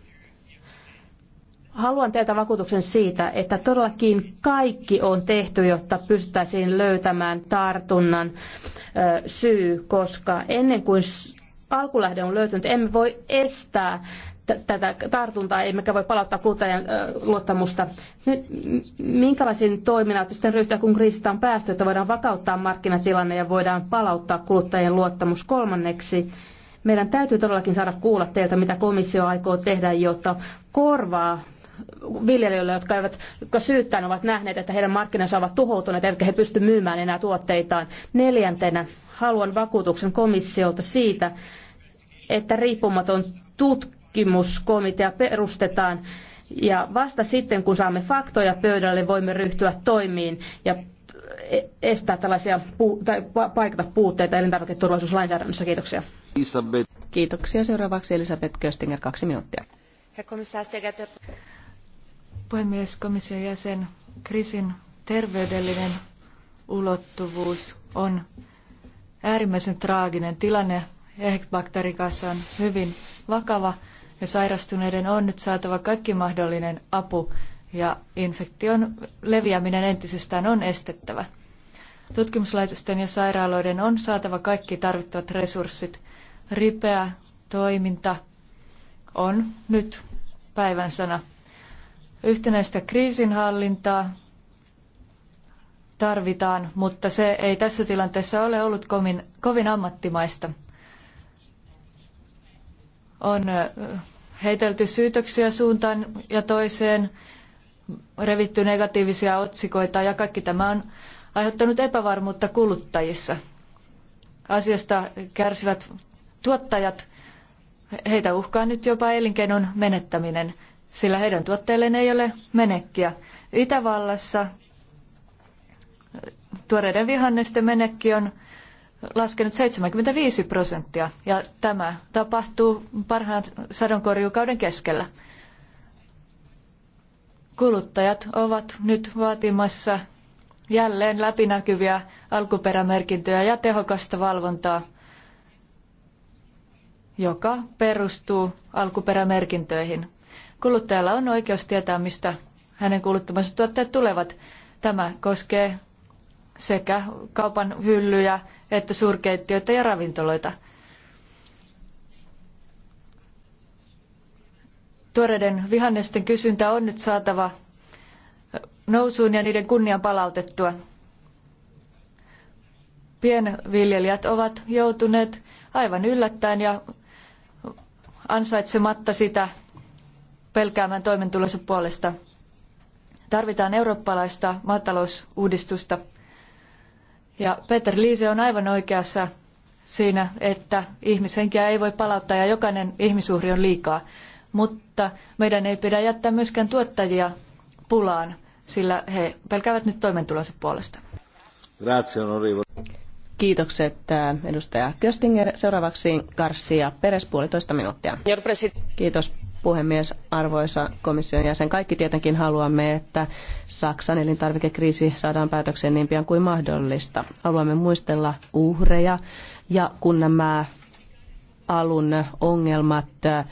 Haluan teiltä vakuutuksen siitä, että todellakin kaikki on tehty, jotta pystyttäisiin löytämään tartunnan syy, koska ennen kuin alkulähde on löytynyt, emme voi estää tätä tartuntaa, emmekä voi palauttaa kuluttajan luottamusta. Nyt, minkälaisiin toiminnat sitten ryhtyä, kun kriisistä on päästy, että voidaan vakauttaa markkinatilanne ja voidaan palauttaa kuluttajien luottamus kolmanneksi? Meidän täytyy todellakin saada kuulla teiltä, mitä komissio aikoo tehdä, jotta korvaa viljelijöille, jotka, eivät, jotka syyttään ovat nähneet, että heidän markkinansa ovat tuhoutuneet, eivätkä he pysty myymään enää tuotteitaan. Neljäntenä haluan vakuutuksen komissiolta siitä, että riippumaton tutkimuskomitea perustetaan ja vasta sitten, kun saamme faktoja pöydälle, voimme ryhtyä toimiin ja estää tällaisia puu- tai paikata puutteita elintarviketurvallisuuslainsäädännössä. Kiitoksia. Kiitoksia. Seuraavaksi Elisabeth Köstinger, kaksi minuuttia. Puhemies, komission jäsen, kriisin terveydellinen ulottuvuus on äärimmäisen traaginen tilanne. Ehekbakterikassa on hyvin vakava ja sairastuneiden on nyt saatava kaikki mahdollinen apu ja infektion leviäminen entisestään on estettävä. Tutkimuslaitosten ja sairaaloiden on saatava kaikki tarvittavat resurssit. Ripeä toiminta on nyt päivän sana. Yhtenäistä kriisinhallintaa tarvitaan, mutta se ei tässä tilanteessa ole ollut kovin, kovin ammattimaista. On heitelty syytöksiä suuntaan ja toiseen, revitty negatiivisia otsikoita ja kaikki tämä on aiheuttanut epävarmuutta kuluttajissa. Asiasta kärsivät tuottajat, heitä uhkaa nyt jopa elinkeinon menettäminen – sillä heidän tuotteilleen ei ole menekkiä. Itävallassa tuoreiden vihannesten menekki on laskenut 75 prosenttia ja tämä tapahtuu parhaan sadonkorjuukauden keskellä. Kuluttajat ovat nyt vaatimassa jälleen läpinäkyviä alkuperämerkintöjä ja tehokasta valvontaa, joka perustuu alkuperämerkintöihin. Kuluttajalla on oikeus tietää, mistä hänen kuluttamansa tuotteet tulevat. Tämä koskee sekä kaupan hyllyjä että suurkeittiöitä ja ravintoloita. Tuoreiden vihannesten kysyntä on nyt saatava nousuun ja niiden kunnian palautettua. Pienviljelijät ovat joutuneet aivan yllättäen ja ansaitsematta sitä pelkäämään toimentulonsa puolesta. Tarvitaan eurooppalaista maatalousuudistusta. Ja Peter Liise on aivan oikeassa siinä, että ihmishenkiä ei voi palauttaa ja jokainen ihmisuhri on liikaa. Mutta meidän ei pidä jättää myöskään tuottajia pulaan, sillä he pelkäävät nyt toimentulonsa puolesta. Kiitokset äh, edustaja Köstinger. Seuraavaksi Garcia Peres puolitoista minuuttia. Kiitos puhemies, arvoisa komission jäsen. Kaikki tietenkin haluamme, että Saksan elintarvikekriisi saadaan päätökseen niin pian kuin mahdollista. Haluamme muistella uhreja ja kun nämä alun ongelmat äh,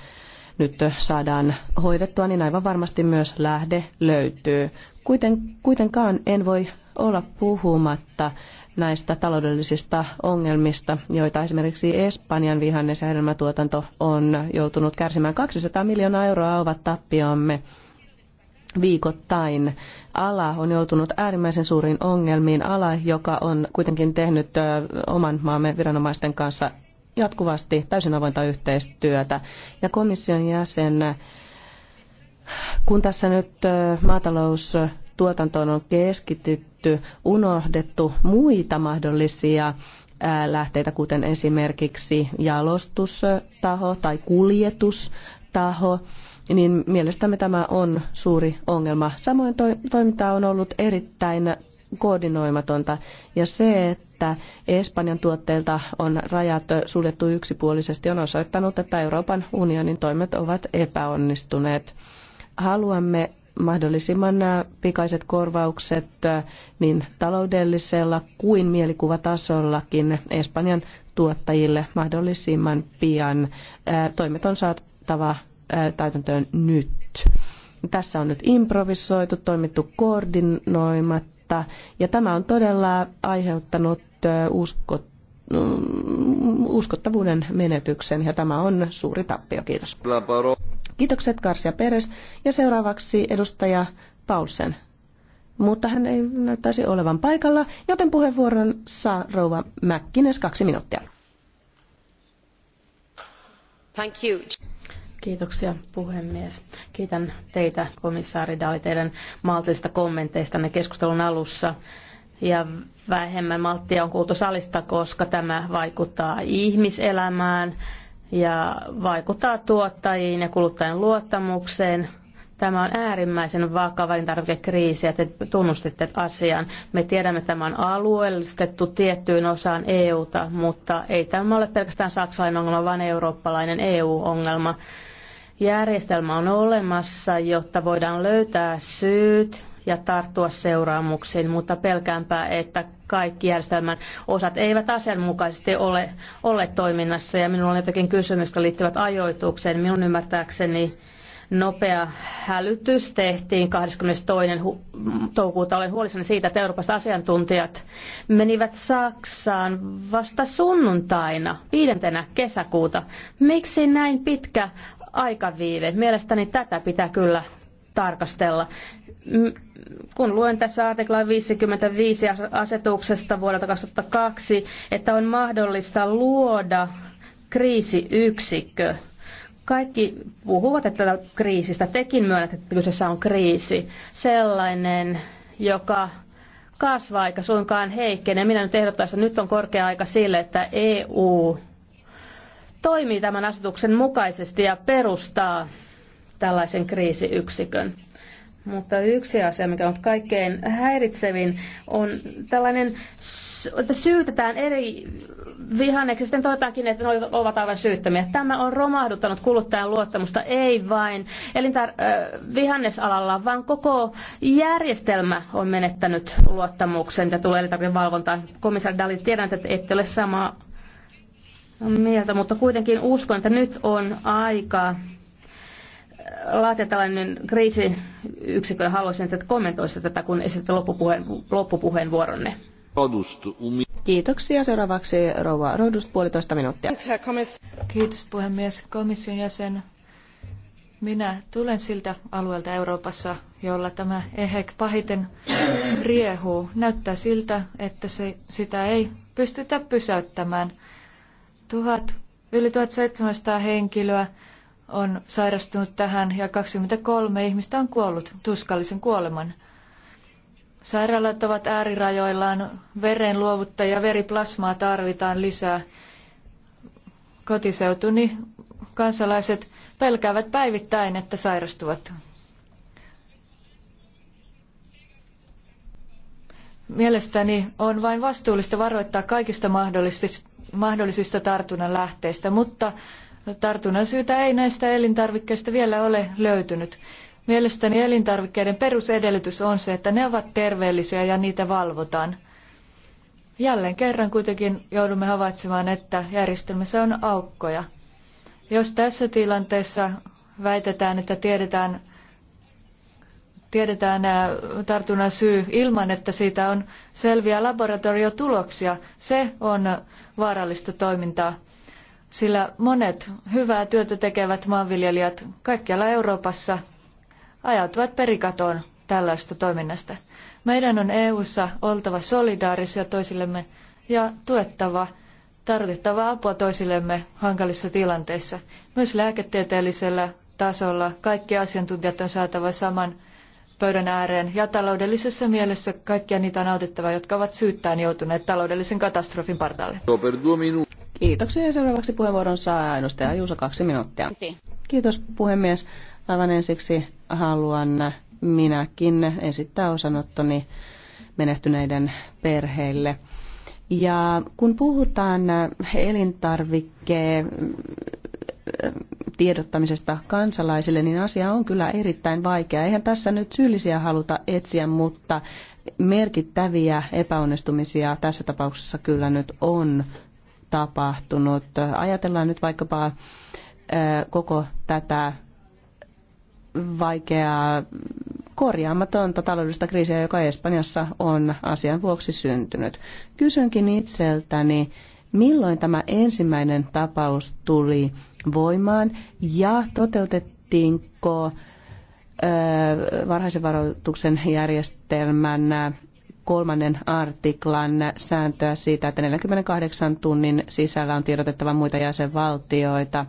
nyt saadaan hoidettua, niin aivan varmasti myös lähde löytyy. Kuiten, kuitenkaan en voi olla puhumatta näistä taloudellisista ongelmista, joita esimerkiksi Espanjan vihannes- ja hedelmätuotanto on joutunut kärsimään. 200 miljoonaa euroa ovat tappiomme viikoittain. Ala on joutunut äärimmäisen suuriin ongelmiin. Ala, joka on kuitenkin tehnyt oman maamme viranomaisten kanssa jatkuvasti täysin avointa yhteistyötä. Ja komission jäsen, kun tässä nyt maatalous tuotantoon on keskitytty, unohdettu muita mahdollisia lähteitä, kuten esimerkiksi jalostustaho tai kuljetustaho, niin mielestämme tämä on suuri ongelma. Samoin toiminta on ollut erittäin koordinoimatonta ja se, että Espanjan tuotteilta on rajat suljettu yksipuolisesti, on osoittanut, että Euroopan unionin toimet ovat epäonnistuneet. Haluamme mahdollisimman pikaiset korvaukset niin taloudellisella kuin mielikuvatasollakin Espanjan tuottajille mahdollisimman pian. Toimet on saatava täytäntöön nyt. Tässä on nyt improvisoitu, toimittu koordinoimatta ja tämä on todella aiheuttanut uskot Mm, uskottavuuden menetyksen ja tämä on suuri tappio. Kiitos. Kiitokset Karsia Peres ja seuraavaksi edustaja Paulsen. Mutta hän ei näyttäisi olevan paikalla, joten puheenvuoron saa rouva Mäkkines kaksi minuuttia. Thank you. Kiitoksia puhemies. Kiitän teitä komissaari Dali teidän maltillisista kommenteistanne keskustelun alussa ja vähemmän malttia on kuultu salista, koska tämä vaikuttaa ihmiselämään ja vaikuttaa tuottajiin ja kuluttajien luottamukseen. Tämä on äärimmäisen vakava elintarvikekriisi ja te tunnustitte asian. Me tiedämme, että tämä on alueellistettu tiettyyn osaan EUta, mutta ei tämä ole pelkästään saksalainen ongelma, vaan eurooppalainen EU-ongelma. Järjestelmä on olemassa, jotta voidaan löytää syyt ja tarttua seuraamuksiin, mutta pelkäänpä, että kaikki järjestelmän osat eivät asianmukaisesti ole, ole toiminnassa. Ja minulla on jotakin kysymyksiä, jotka liittyvät ajoitukseen. Minun ymmärtääkseni nopea hälytys tehtiin 22. toukokuuta. Olen huolissani siitä, että Euroopasta asiantuntijat menivät Saksaan vasta sunnuntaina, viidentenä kesäkuuta. Miksi näin pitkä aikaviive? Mielestäni tätä pitää kyllä tarkastella. Kun luen tässä artikla 55 asetuksesta vuodelta 2002, että on mahdollista luoda kriisiyksikkö. Kaikki puhuvat että kriisistä. Tekin myönnät, että kyseessä on kriisi. Sellainen, joka kasvaa eikä suinkaan heikkene. Minä nyt ehdottaisin, että nyt on korkea aika sille, että EU toimii tämän asetuksen mukaisesti ja perustaa tällaisen kriisiyksikön. Mutta yksi asia, mikä on kaikkein häiritsevin, on tällainen, että syytetään eri vihanneksi, sitten todetaankin, että ne ovat aivan syyttömiä. Tämä on romahduttanut kuluttajan luottamusta, ei vain elintar- vihannesalalla, vaan koko järjestelmä on menettänyt luottamuksen ja tulee valvontaan. Komissaari Dali, tiedän, että ette ole samaa mieltä, mutta kuitenkin uskon, että nyt on aika laatia tällainen kriisiyksikkö ja haluaisin, että kommentoisitte tätä, kun esitätte loppupuheen, loppupuheenvuoronne. Um- Kiitoksia. Seuraavaksi rouva Rodust puolitoista minuuttia. Kiitos puhemies. Komission jäsen. Minä tulen siltä alueelta Euroopassa, jolla tämä EHEC pahiten riehuu. Näyttää siltä, että se, sitä ei pystytä pysäyttämään. Tuhat, yli 1700 henkilöä on sairastunut tähän ja 23 ihmistä on kuollut tuskallisen kuoleman. Sairaalat ovat äärirajoillaan, veren luovuttajia, veriplasmaa tarvitaan lisää. Kotiseutuni kansalaiset pelkäävät päivittäin, että sairastuvat. Mielestäni on vain vastuullista varoittaa kaikista mahdollisista tartunnan lähteistä, mutta No, tartunnan syytä ei näistä elintarvikkeista vielä ole löytynyt. Mielestäni elintarvikkeiden perusedellytys on se, että ne ovat terveellisiä ja niitä valvotaan. Jälleen kerran kuitenkin joudumme havaitsemaan, että järjestelmässä on aukkoja. Jos tässä tilanteessa väitetään, että tiedetään, tiedetään tartunnan syy ilman, että siitä on selviä laboratoriotuloksia, se on vaarallista toimintaa sillä monet hyvää työtä tekevät maanviljelijät kaikkialla Euroopassa ajautuvat perikatoon tällaista toiminnasta. Meidän on EU:ssa oltava solidaarisia toisillemme ja tuettava tarvittavaa apua toisillemme hankalissa tilanteissa. Myös lääketieteellisellä tasolla kaikki asiantuntijat on saatava saman pöydän ääreen ja taloudellisessa mielessä kaikkia niitä on autettava, jotka ovat syyttään joutuneet taloudellisen katastrofin partaalle. Kiitoksia ja seuraavaksi puheenvuoron saa edustaja Juusa kaksi minuuttia. Kiitos puhemies. Aivan ensiksi haluan minäkin esittää osanottoni menehtyneiden perheille. Ja kun puhutaan elintarvikkeen mm, tiedottamisesta kansalaisille, niin asia on kyllä erittäin vaikea. Eihän tässä nyt syyllisiä haluta etsiä, mutta merkittäviä epäonnistumisia tässä tapauksessa kyllä nyt on tapahtunut. Ajatellaan nyt vaikkapa äh, koko tätä vaikeaa korjaamatonta taloudellista kriisiä, joka Espanjassa on asian vuoksi syntynyt. Kysynkin itseltäni, milloin tämä ensimmäinen tapaus tuli voimaan ja toteutettiinko äh, varhaisen varoituksen järjestelmän kolmannen artiklan sääntöä siitä, että 48 tunnin sisällä on tiedotettava muita jäsenvaltioita.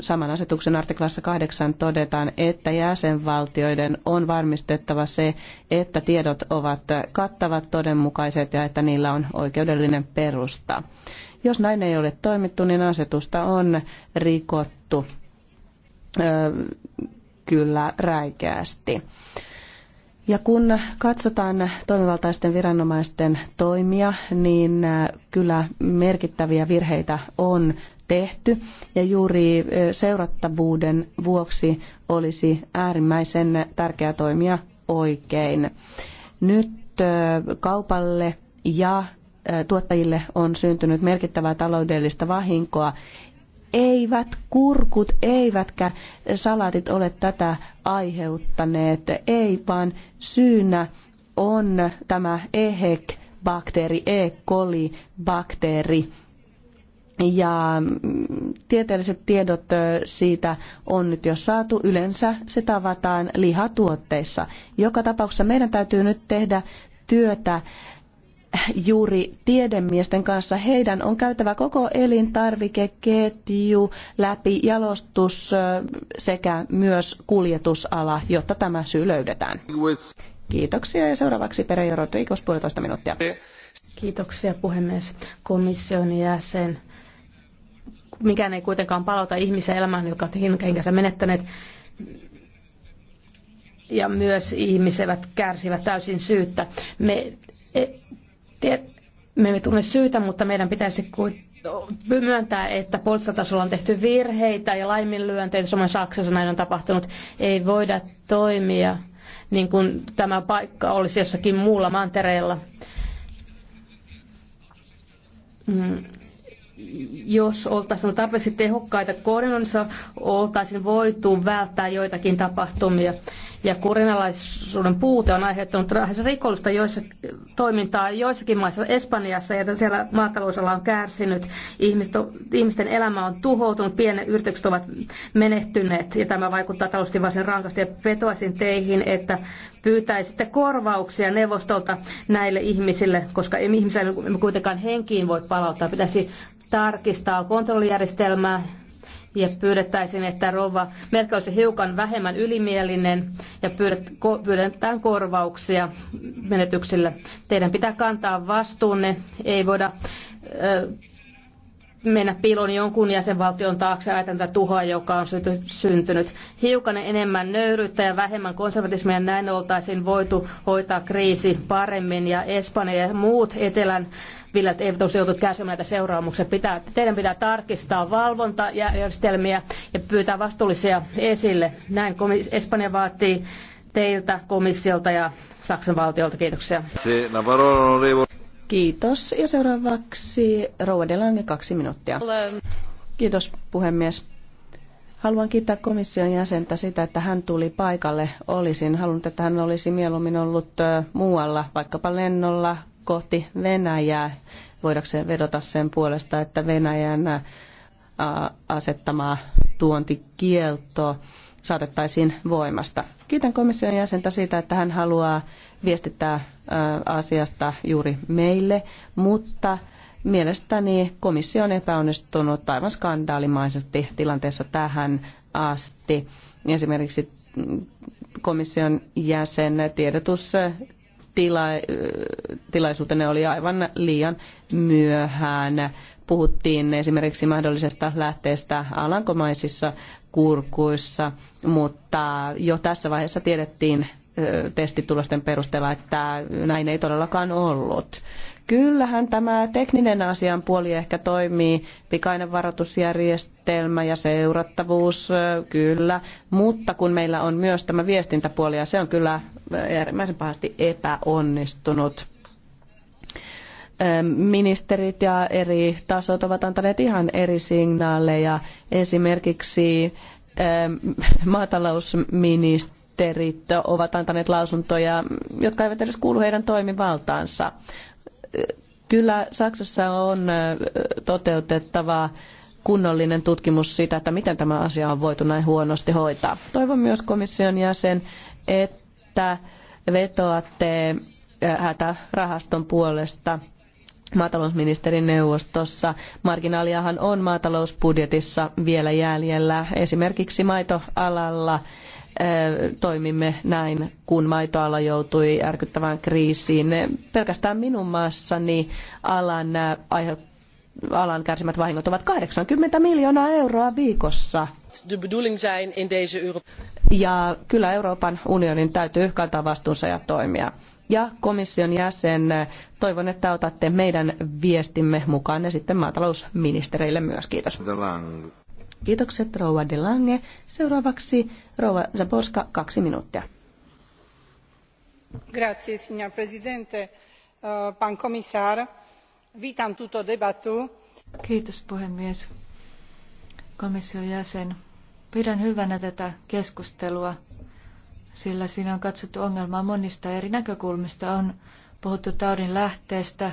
Saman asetuksen artiklassa 8 todetaan, että jäsenvaltioiden on varmistettava se, että tiedot ovat kattavat, todenmukaiset ja että niillä on oikeudellinen perusta. Jos näin ei ole toimittu, niin asetusta on rikottu kyllä räikeästi. Ja kun katsotaan toimivaltaisten viranomaisten toimia, niin äh, kyllä merkittäviä virheitä on tehty. Ja juuri äh, seurattavuuden vuoksi olisi äärimmäisen tärkeää toimia oikein. Nyt äh, kaupalle ja tuottajille on syntynyt merkittävää taloudellista vahinkoa eivät kurkut eivätkä salatit ole tätä aiheuttaneet, ei vaan syynä on tämä EHEC-bakteeri, E. coli-bakteeri. Ja mm, tieteelliset tiedot siitä on nyt jo saatu. Yleensä se tavataan lihatuotteissa. Joka tapauksessa meidän täytyy nyt tehdä työtä juuri tiedemiesten kanssa. Heidän on käytävä koko elintarvikeketju läpi jalostus sekä myös kuljetusala, jotta tämä syy löydetään. Kiitoksia ja seuraavaksi Perejo Rodrigos puolitoista minuuttia. Kiitoksia puhemies komission jäsen. Mikään ei kuitenkaan palauta ihmisen elämään, jotka ovat henkensä menettäneet ja myös ihmiset kärsivät täysin syyttä. Me me emme tunne syytä, mutta meidän pitäisi myöntää, että poltsatasolla on tehty virheitä ja laiminlyöntejä, Suomen Saksassa näin on tapahtunut. Ei voida toimia niin kuin tämä paikka olisi jossakin muulla mantereella. Mm jos oltaisiin tarpeeksi tehokkaita koordinoinnissa, oltaisiin voitu välttää joitakin tapahtumia. Ja kurinalaisuuden puute on aiheuttanut lähes rikollista joissa, toimintaa joissakin maissa, Espanjassa, ja siellä maatalousala on kärsinyt. Ihmiset, ihmisten elämä on tuhoutunut, pienet yritykset ovat menehtyneet, ja tämä vaikuttaa taloudellisesti varsin rankasti. Ja vetoaisin teihin, että pyytäisitte korvauksia neuvostolta näille ihmisille, koska ihmisiä ei kuitenkaan henkiin voi palauttaa. Pitäisi tarkistaa kontrollijärjestelmää ja pyydettäisiin, että rouva Merkel olisi hiukan vähemmän ylimielinen ja pyydetään korvauksia menetyksille. Teidän pitää kantaa vastuunne, ei voida mennä piiloon jonkun jäsenvaltion taakse ajatella tätä tuhoa, joka on syntynyt. Hiukan enemmän nöyryyttä ja vähemmän konservatismia näin oltaisiin voitu hoitaa kriisi paremmin ja Espanja ja muut etelän viljat eivät olisi joutuneet kärsimään näitä seuraamuksia. Pitää, teidän pitää tarkistaa valvontajärjestelmiä ja pyytää vastuullisia esille. Näin Espanja vaatii teiltä, komissiolta ja Saksan valtiolta. Kiitoksia. Kiitos. Ja seuraavaksi Rouva Delange, kaksi minuuttia. Kiitos puhemies. Haluan kiittää komission jäsentä sitä, että hän tuli paikalle. Olisin halunnut, että hän olisi mieluummin ollut muualla, vaikkapa lennolla kohti Venäjää, voidakseen vedota sen puolesta, että Venäjän asettama tuontikielto saatettaisiin voimasta. Kiitän komission jäsentä siitä, että hän haluaa viestittää asiasta juuri meille, mutta mielestäni komissio on epäonnistunut aivan skandaalimaisesti tilanteessa tähän asti. Esimerkiksi komission jäsen tiedotus tila- tilaisuutenne oli aivan liian myöhään. Puhuttiin esimerkiksi mahdollisesta lähteestä alankomaisissa kurkuissa, mutta jo tässä vaiheessa tiedettiin testitulosten perusteella, että näin ei todellakaan ollut. Kyllähän tämä tekninen asianpuoli ehkä toimii, pikainen varoitusjärjestelmä ja seurattavuus, kyllä, mutta kun meillä on myös tämä viestintäpuoli ja se on kyllä äärimmäisen pahasti epäonnistunut ministerit ja eri tasot ovat antaneet ihan eri signaaleja. Esimerkiksi maatalousministerit ovat antaneet lausuntoja, jotka eivät edes kuulu heidän toimivaltaansa kyllä Saksassa on toteutettava kunnollinen tutkimus siitä, että miten tämä asia on voitu näin huonosti hoitaa. Toivon myös komission jäsen, että vetoatte hätärahaston puolesta maatalousministerin neuvostossa. Marginaaliahan on maatalousbudjetissa vielä jäljellä. Esimerkiksi maitoalalla toimimme näin, kun maitoala joutui järkyttävään kriisiin. Pelkästään minun maassani alan, alan kärsimät vahingot ovat 80 miljoonaa euroa viikossa. Ja kyllä Euroopan unionin täytyy kantaa vastuunsa ja toimia. Ja komission jäsen, toivon, että otatte meidän viestimme mukaan ja sitten maatalousministereille myös. Kiitos. Kiitokset Rouva de Lange. Seuraavaksi Rouva Zaborska, kaksi minuuttia. Grazie, signor Presidente, eh, pan komisar. Vitam tuto debatu. Kiitos puhemies. Komission jäsen. Pidän hyvänä tätä keskustelua, sillä siinä on katsottu ongelmaa monista eri näkökulmista. On puhuttu taudin lähteestä,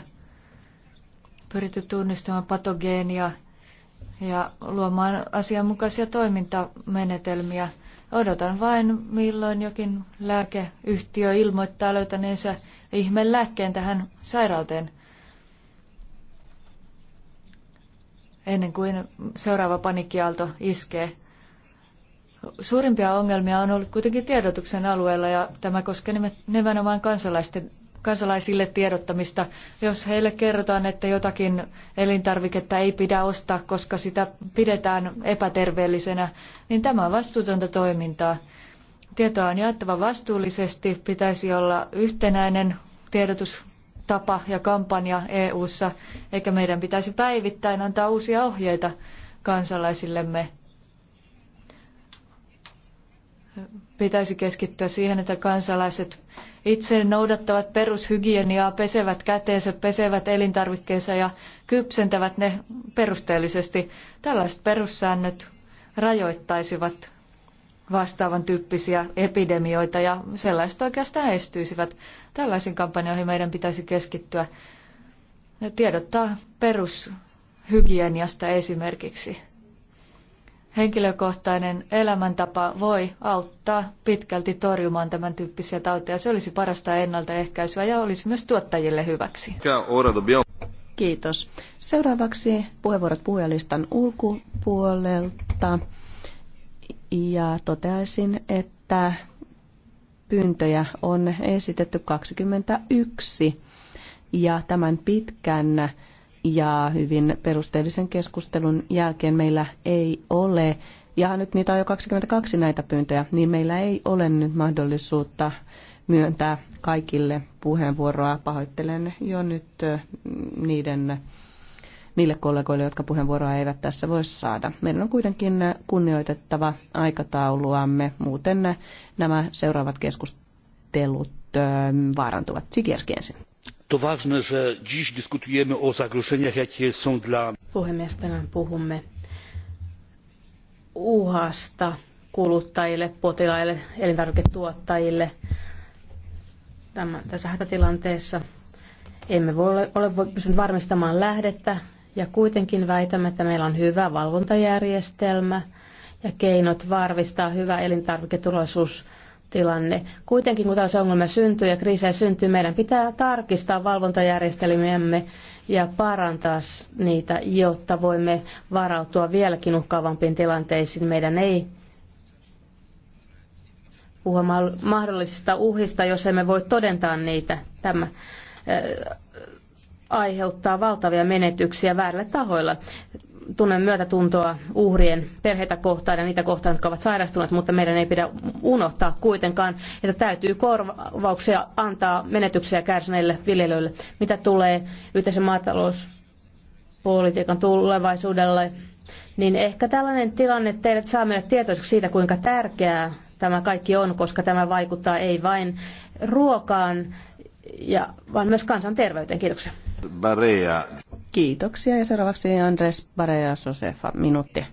pyritty tunnistamaan patogeenia ja luomaan asianmukaisia toimintamenetelmiä. Odotan vain, milloin jokin lääkeyhtiö ilmoittaa löytäneensä lääkkeen tähän sairauteen. Ennen kuin seuraava panikkiaalto iskee. Suurimpia ongelmia on ollut kuitenkin tiedotuksen alueella ja tämä koskee nimenomaan kansalaisten kansalaisille tiedottamista. Jos heille kerrotaan, että jotakin elintarviketta ei pidä ostaa, koska sitä pidetään epäterveellisenä, niin tämä on vastuutonta toimintaa. Tietoa on jaettava vastuullisesti, pitäisi olla yhtenäinen tiedotustapa ja kampanja EU:ssa, eikä meidän pitäisi päivittäin antaa uusia ohjeita kansalaisillemme pitäisi keskittyä siihen, että kansalaiset itse noudattavat perushygieniaa, pesevät käteensä, pesevät elintarvikkeensa ja kypsentävät ne perusteellisesti. Tällaiset perussäännöt rajoittaisivat vastaavan tyyppisiä epidemioita ja sellaiset oikeastaan estyisivät. Tällaisiin kampanjoihin meidän pitäisi keskittyä ja tiedottaa perushygieniasta esimerkiksi henkilökohtainen elämäntapa voi auttaa pitkälti torjumaan tämän tyyppisiä tauteja. Se olisi parasta ennaltaehkäisyä ja olisi myös tuottajille hyväksi. Kiitos. Seuraavaksi puheenvuorot puhujalistan ulkopuolelta. Ja toteaisin, että pyyntöjä on esitetty 21 ja tämän pitkän ja hyvin perusteellisen keskustelun jälkeen meillä ei ole, ja nyt niitä on jo 22 näitä pyyntöjä, niin meillä ei ole nyt mahdollisuutta myöntää kaikille puheenvuoroa. Pahoittelen jo nyt niiden, niille kollegoille, jotka puheenvuoroa eivät tässä voi saada. Meidän on kuitenkin kunnioitettava aikatauluamme, muuten nämä seuraavat keskustelut vaarantuvat. Sikierski ensin to ważne, że dziś dyskutujemy o zagrożeniach, jakie są dla... Puhemies, tänään puhumme uhasta kuluttajille, potilaille, elintarviketuottajille. Tämä, tässä hätätilanteessa emme voi ole, ole pystynyt varmistamaan lähdettä ja kuitenkin väitämme, että meillä on hyvä valvontajärjestelmä ja keinot varmistaa hyvä elintarviketurvallisuus tilanne. Kuitenkin kun tällaisia ongelmia syntyy ja kriisejä syntyy, meidän pitää tarkistaa valvontajärjestelmiämme ja parantaa niitä, jotta voimme varautua vieläkin uhkaavampiin tilanteisiin. Meidän ei puhua mahdollisista uhista, jos emme voi todentaa niitä. Tämä aiheuttaa valtavia menetyksiä väärillä tahoilla tunnen myötätuntoa uhrien perheitä kohtaan ja niitä kohtaan, jotka ovat sairastuneet, mutta meidän ei pidä unohtaa kuitenkaan, että täytyy korvauksia antaa menetyksiä kärsineille viljelijöille, mitä tulee yhteisen maatalouspolitiikan tulevaisuudelle. Niin ehkä tällainen tilanne teidät saa meidät tietoiseksi siitä, kuinka tärkeää tämä kaikki on, koska tämä vaikuttaa ei vain ruokaan, ja, vaan myös kansanterveyteen. Kiitoksia. Barea. Kiitoksia ja seuraavaksi Andres Barea Sosefa, minuutti.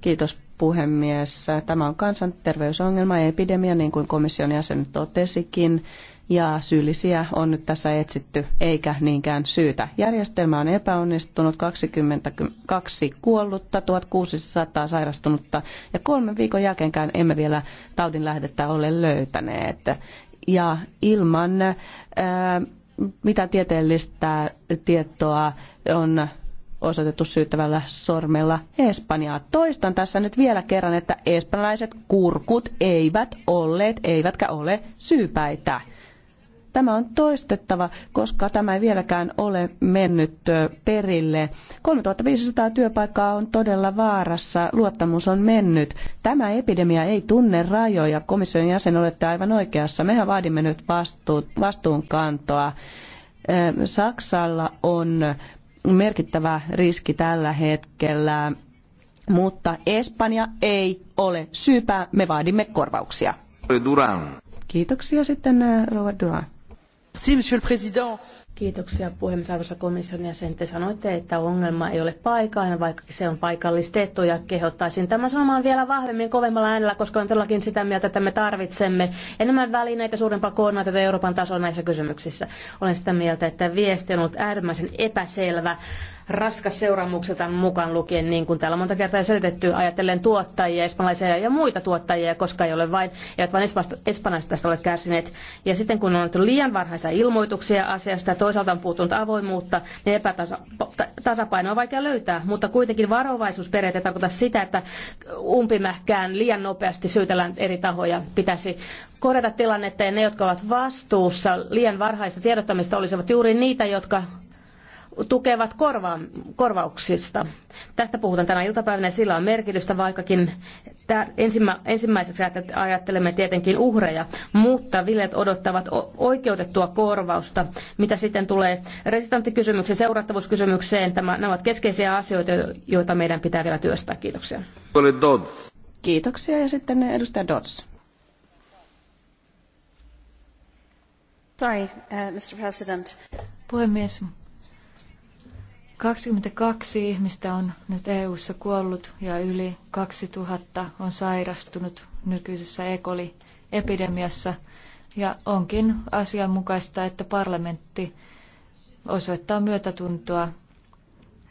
Kiitos puhemies. Tämä on kansanterveysongelma ja epidemia, niin kuin komission jäsen totesikin. Ja syyllisiä on nyt tässä etsitty, eikä niinkään syytä. Järjestelmä on epäonnistunut, 22 kuollutta, 1600 sairastunutta ja kolmen viikon jälkeenkään emme vielä taudin lähdettä ole löytäneet. Ja ilman mitä tieteellistä tietoa on osoitettu syyttävällä sormella Espanjaa. Toistan tässä nyt vielä kerran, että espanjalaiset kurkut eivät olleet eivätkä ole syypäitä. Tämä on toistettava, koska tämä ei vieläkään ole mennyt perille. 3500 työpaikkaa on todella vaarassa, luottamus on mennyt. Tämä epidemia ei tunne rajoja. Komission jäsen olette aivan oikeassa. Mehän vaadimme nyt vastuut, vastuunkantoa. Saksalla on merkittävä riski tällä hetkellä, mutta Espanja ei ole syypää. Me vaadimme korvauksia. Duran. Kiitoksia sitten, Robert Duran monsieur le président. Kiitoksia puhemies arvoisa komission jäsen. Te sanoitte, että ongelma ei ole paikallinen, vaikka se on paikallistettu ja kehottaisin tämän sanomaan vielä vahvemmin kovemmalla äänellä, koska olen todellakin sitä mieltä, että me tarvitsemme enemmän välineitä, suurempaa koordinaatiota Euroopan tasolla näissä kysymyksissä. Olen sitä mieltä, että viesti on ollut äärimmäisen epäselvä raskas seuraamukselta mukaan lukien, niin kuin täällä monta kertaa selitetty, ajatellen tuottajia, espanjalaisia ja muita tuottajia, koska ei ole vain, eivät vain espanjalaiset tästä ole kärsineet. Ja sitten kun on annettu liian varhaisia ilmoituksia asiasta ja toisaalta on puuttunut avoimuutta, niin epätasapainoa on vaikea löytää. Mutta kuitenkin varovaisuusperiaate tarkoittaa sitä, että umpimähkään liian nopeasti syytellään eri tahoja. Pitäisi korjata tilannetta ja ne, jotka ovat vastuussa liian varhaista tiedottamista, olisivat juuri niitä, jotka tukevat korva- korvauksista. Tästä puhutaan tänä iltapäivänä ja sillä on merkitystä, vaikkakin ensimmä, ensimmäiseksi ajattelemme tietenkin uhreja, mutta viljet odottavat oikeutettua korvausta. Mitä sitten tulee resistanttikysymykseen, seurattavuuskysymykseen, tämä, nämä ovat keskeisiä asioita, joita meidän pitää vielä työstää. Kiitoksia. Kiitoksia ja sitten edustaja Dodds. Sorry, uh, Mr. President. Puhemies, 22 ihmistä on nyt EU:ssa kuollut ja yli 2000 on sairastunut nykyisessä ekoli-epidemiassa. Ja onkin asianmukaista, että parlamentti osoittaa myötätuntoa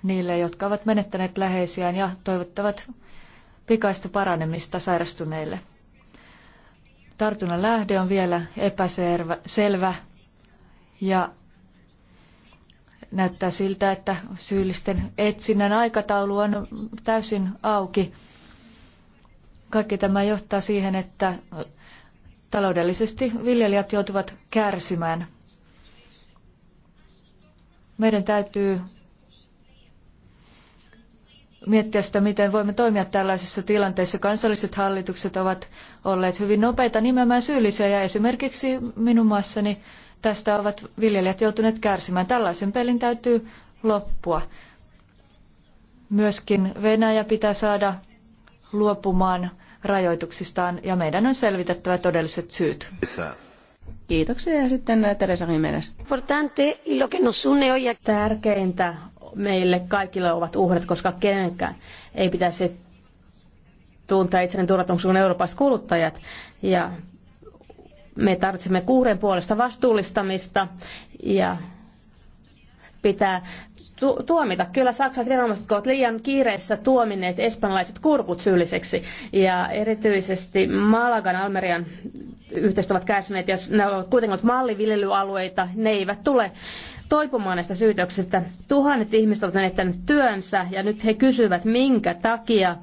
niille, jotka ovat menettäneet läheisiään ja toivottavat pikaista paranemista sairastuneille. Tartunnan lähde on vielä epäselvä ja Näyttää siltä, että syyllisten etsinnän aikataulu on täysin auki. Kaikki tämä johtaa siihen, että taloudellisesti viljelijät joutuvat kärsimään. Meidän täytyy miettiä sitä, miten voimme toimia tällaisessa tilanteessa. Kansalliset hallitukset ovat olleet hyvin nopeita nimeämään syyllisiä ja esimerkiksi minun maassani Tästä ovat viljelijät joutuneet kärsimään. Tällaisen pelin täytyy loppua. Myöskin Venäjä pitää saada luopumaan rajoituksistaan ja meidän on selvitettävä todelliset syyt. Kiitoksia ja sitten Teresa Jimenez. Tärkeintä meille kaikille ovat uhrit, koska kenenkään ei pitäisi tuntea itsenäinen turvattomuus kuin eurooppalaiset kuluttajat. Ja me tarvitsemme kuuren puolesta vastuullistamista ja pitää tu- tuomita. Kyllä saksalaiset viranomaiset ovat liian kiireessä tuomineet espanjalaiset kurkut syylliseksi. Ja erityisesti Malagan, Almerian yhteistyöt ovat kärsineet ja ne ovat kuitenkin malliviljelyalueita. Ne eivät tule toipumaan näistä syytöksistä. Tuhannet ihmiset ovat menettäneet työnsä ja nyt he kysyvät, minkä takia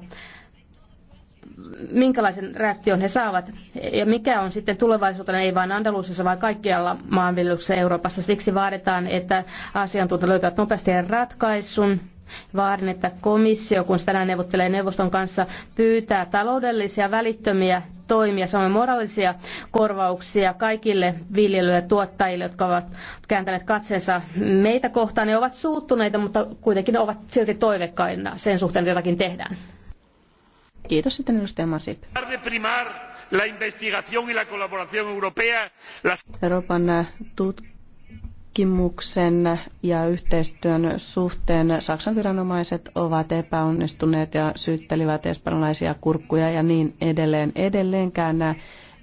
minkälaisen reaktion he saavat ja mikä on sitten tulevaisuutena ei vain Andalusiassa vaan kaikkialla maanviljelyksessä Euroopassa. Siksi vaaditaan, että asiantuntijat löytävät nopeasti ratkaisun. Vaadin, että komissio, kun se tänään neuvottelee neuvoston kanssa, pyytää taloudellisia välittömiä toimia, samoin moraalisia korvauksia kaikille viljelijöille ja tuottajille, jotka ovat kääntäneet katseensa meitä kohtaan. Ne ovat suuttuneita, mutta kuitenkin ovat silti toivekkaina sen suhteen, että jotakin tehdään. Kiitos sitten edustaja Masip. Euroopan äh, tutkimuksen ja yhteistyön suhteen Saksan viranomaiset ovat epäonnistuneet ja syyttelivät espanjalaisia kurkkuja ja niin edelleen. Edelleenkään äh,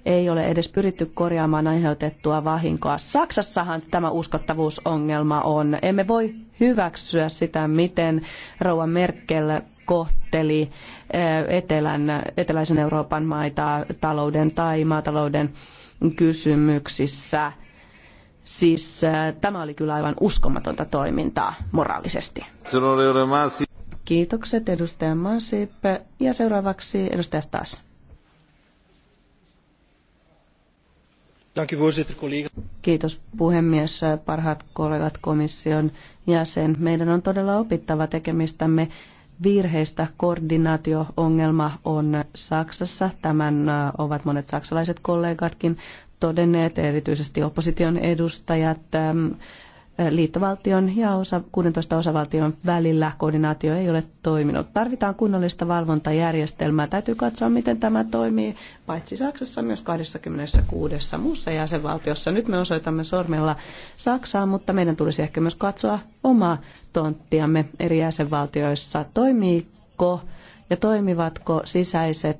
ei ole edes pyritty korjaamaan aiheutettua vahinkoa. Saksassahan tämä uskottavuusongelma on. Emme voi hyväksyä sitä, miten rouva Merkel kohteli eh, etelän, eteläisen Euroopan maita talouden tai maatalouden kysymyksissä. Siis eh, tämä oli kyllä aivan uskomatonta toimintaa moraalisesti. Kiitokset edustaja Masip. Ja seuraavaksi edustaja Stas. Kiitos puhemies, parhaat kollegat komission jäsen. Meidän on todella opittava tekemistämme virheistä. Koordinaatio-ongelma on Saksassa. Tämän ovat monet saksalaiset kollegatkin todenneet, erityisesti opposition edustajat liittovaltion ja osa, 16 osavaltion välillä koordinaatio ei ole toiminut. Tarvitaan kunnollista valvontajärjestelmää. Täytyy katsoa, miten tämä toimii paitsi Saksassa myös 26 muussa jäsenvaltiossa. Nyt me osoitamme sormella Saksaa, mutta meidän tulisi ehkä myös katsoa omaa tonttiamme eri jäsenvaltioissa. Toimiiko ja toimivatko sisäiset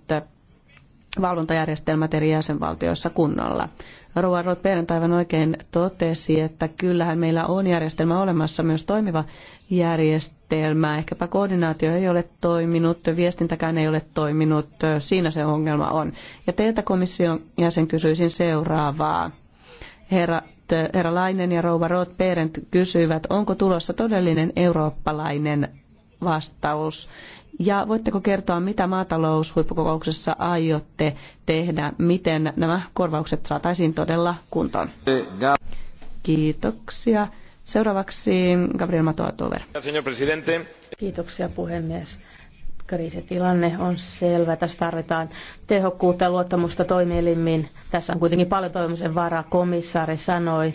valvontajärjestelmät eri jäsenvaltioissa kunnolla. Rouva Roth perjantaivän oikein totesi, että kyllähän meillä on järjestelmä olemassa, myös toimiva järjestelmä. Ehkäpä koordinaatio ei ole toiminut, viestintäkään ei ole toiminut, siinä se ongelma on. Ja teiltä komission jäsen kysyisin seuraavaa. Herra, herra Lainen ja rouva Roth Perent kysyivät, onko tulossa todellinen eurooppalainen vastaus. Ja voitteko kertoa, mitä maataloushuippukokouksessa aiotte tehdä, miten nämä korvaukset saataisiin todella kuntoon? Kiitoksia. Seuraavaksi Gabriel Matoa Tover. Kiitoksia puhemies kriisitilanne on selvä. Tässä tarvitaan tehokkuutta ja luottamusta toimielimiin. Tässä on kuitenkin paljon toimisen varaa. Komissaari sanoi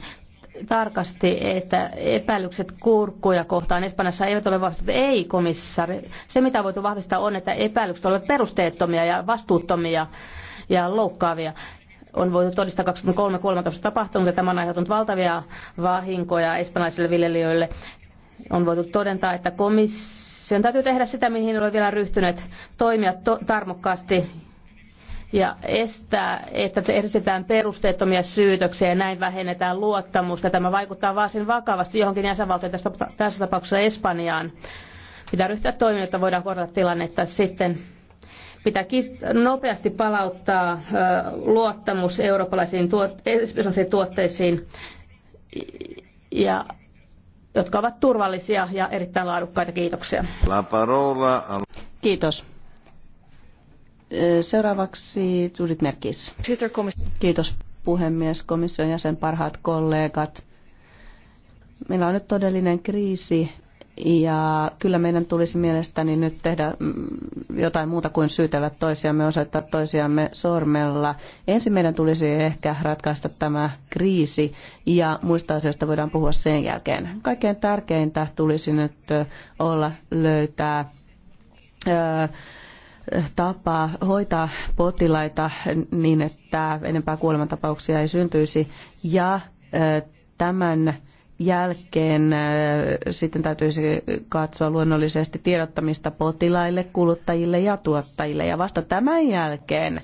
tarkasti, että epäilykset kurkkuja kohtaan Espanjassa eivät ole vahvistettu. Ei, komissari. Se, mitä voitu vahvistaa, on, että epäilykset olivat perusteettomia ja vastuuttomia ja loukkaavia on voitu todistaa 23.13 tapahtunut ja tämä on aiheuttanut valtavia vahinkoja espanjalaisille viljelijöille. On voitu todentaa, että komission täytyy tehdä sitä, mihin ole vielä ryhtyneet, toimia tarmokkaasti ja estää, että esitetään perusteettomia syytöksiä ja näin vähennetään luottamusta. Tämä vaikuttaa varsin vakavasti johonkin jäsenvaltioon, tässä tapauksessa Espanjaan. Pitää ryhtyä toimiin, että voidaan korjata tilannetta sitten pitää nopeasti palauttaa luottamus eurooppalaisiin tuot- tuotteisiin, ja, jotka ovat turvallisia ja erittäin laadukkaita. Kiitoksia. Kiitos. Seuraavaksi Judith Merkis. Kiitos puhemies, komission jäsen, parhaat kollegat. Meillä on nyt todellinen kriisi ja kyllä meidän tulisi mielestäni nyt tehdä mm, jotain muuta kuin syytellä toisiamme, osoittaa toisiamme sormella. Ensin meidän tulisi ehkä ratkaista tämä kriisi ja muista asioista voidaan puhua sen jälkeen. Kaikkein tärkeintä tulisi nyt olla löytää tapa hoitaa potilaita niin, että enempää kuolemantapauksia ei syntyisi. Ja tämän jälkeen sitten täytyisi katsoa luonnollisesti tiedottamista potilaille, kuluttajille ja tuottajille. Ja vasta tämän jälkeen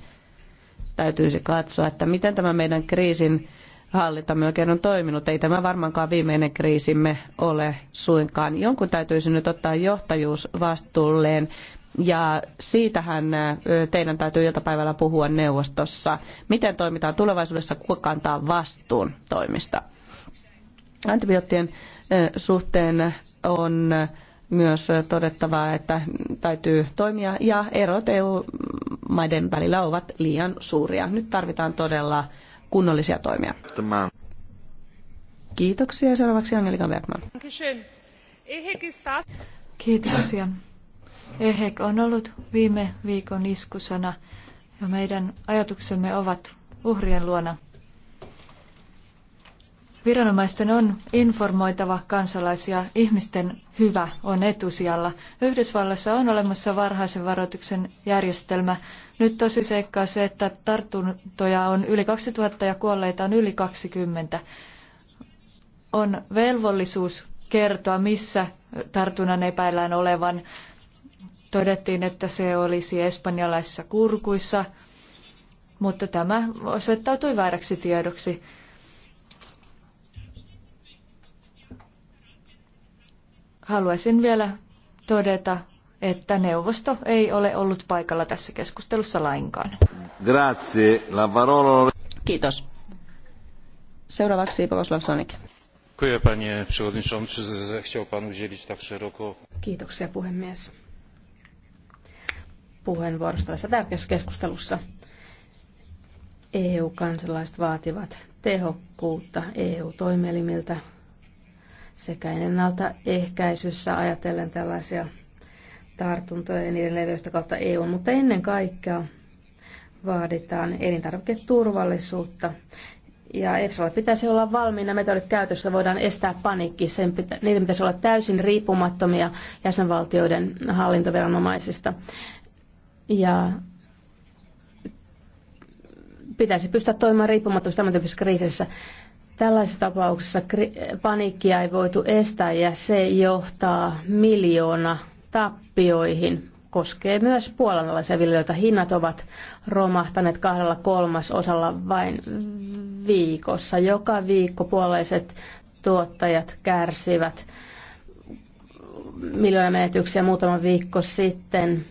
täytyisi katsoa, että miten tämä meidän kriisin hallintamme oikein on toiminut. Ei tämä varmaankaan viimeinen kriisimme ole suinkaan. Jonkun täytyisi nyt ottaa johtajuus vastuulleen ja siitähän teidän täytyy iltapäivällä puhua neuvostossa. Miten toimitaan tulevaisuudessa, kuka kantaa vastuun toimista? Antibioottien suhteen on myös todettava, että täytyy toimia ja erot EU-maiden välillä ovat liian suuria. Nyt tarvitaan todella kunnollisia toimia. Tämä. Kiitoksia. Seuraavaksi Angelika Bergman. Kiitoksia. Ehek on ollut viime viikon iskusana ja meidän ajatuksemme ovat uhrien luona. Viranomaisten on informoitava kansalaisia. Ihmisten hyvä on etusijalla. Yhdysvallassa on olemassa varhaisen varoituksen järjestelmä. Nyt tosi seikkaa se, että tartuntoja on yli 2000 ja kuolleita on yli 20. On velvollisuus kertoa, missä tartunnan epäillään olevan Todettiin, että se olisi espanjalaisissa kurkuissa, mutta tämä osoittautui vääräksi tiedoksi. Haluaisin vielä todeta, että neuvosto ei ole ollut paikalla tässä keskustelussa lainkaan. Grazie. La parola... Kiitos. Seuraavaksi Bogoslav Sonik. Kiitoksia puhemies puheenvuorosta tässä tärkeässä keskustelussa. EU-kansalaiset vaativat tehokkuutta EU-toimielimiltä sekä ennaltaehkäisyssä ajatellen tällaisia tartuntoja ja niiden leviöistä kautta EU, mutta ennen kaikkea vaaditaan elintarviketurvallisuutta. Ja EFSAlla pitäisi olla valmiina metodit käytössä, voidaan estää paniikki. Sen pitä, niiden pitäisi olla täysin riippumattomia jäsenvaltioiden hallintoviranomaisista. Ja pitäisi pystyä toimimaan riippumattomasti tämän tyyppisessä kriisissä. Tällaisessa tapauksessa kri- paniikkia ei voitu estää ja se johtaa miljoona tappioihin. Koskee myös puolalaisia viljelijöitä. Hinnat ovat romahtaneet kahdella kolmasosalla vain viikossa. Joka viikko puolalaiset tuottajat kärsivät miljoona menetyksiä muutama viikko sitten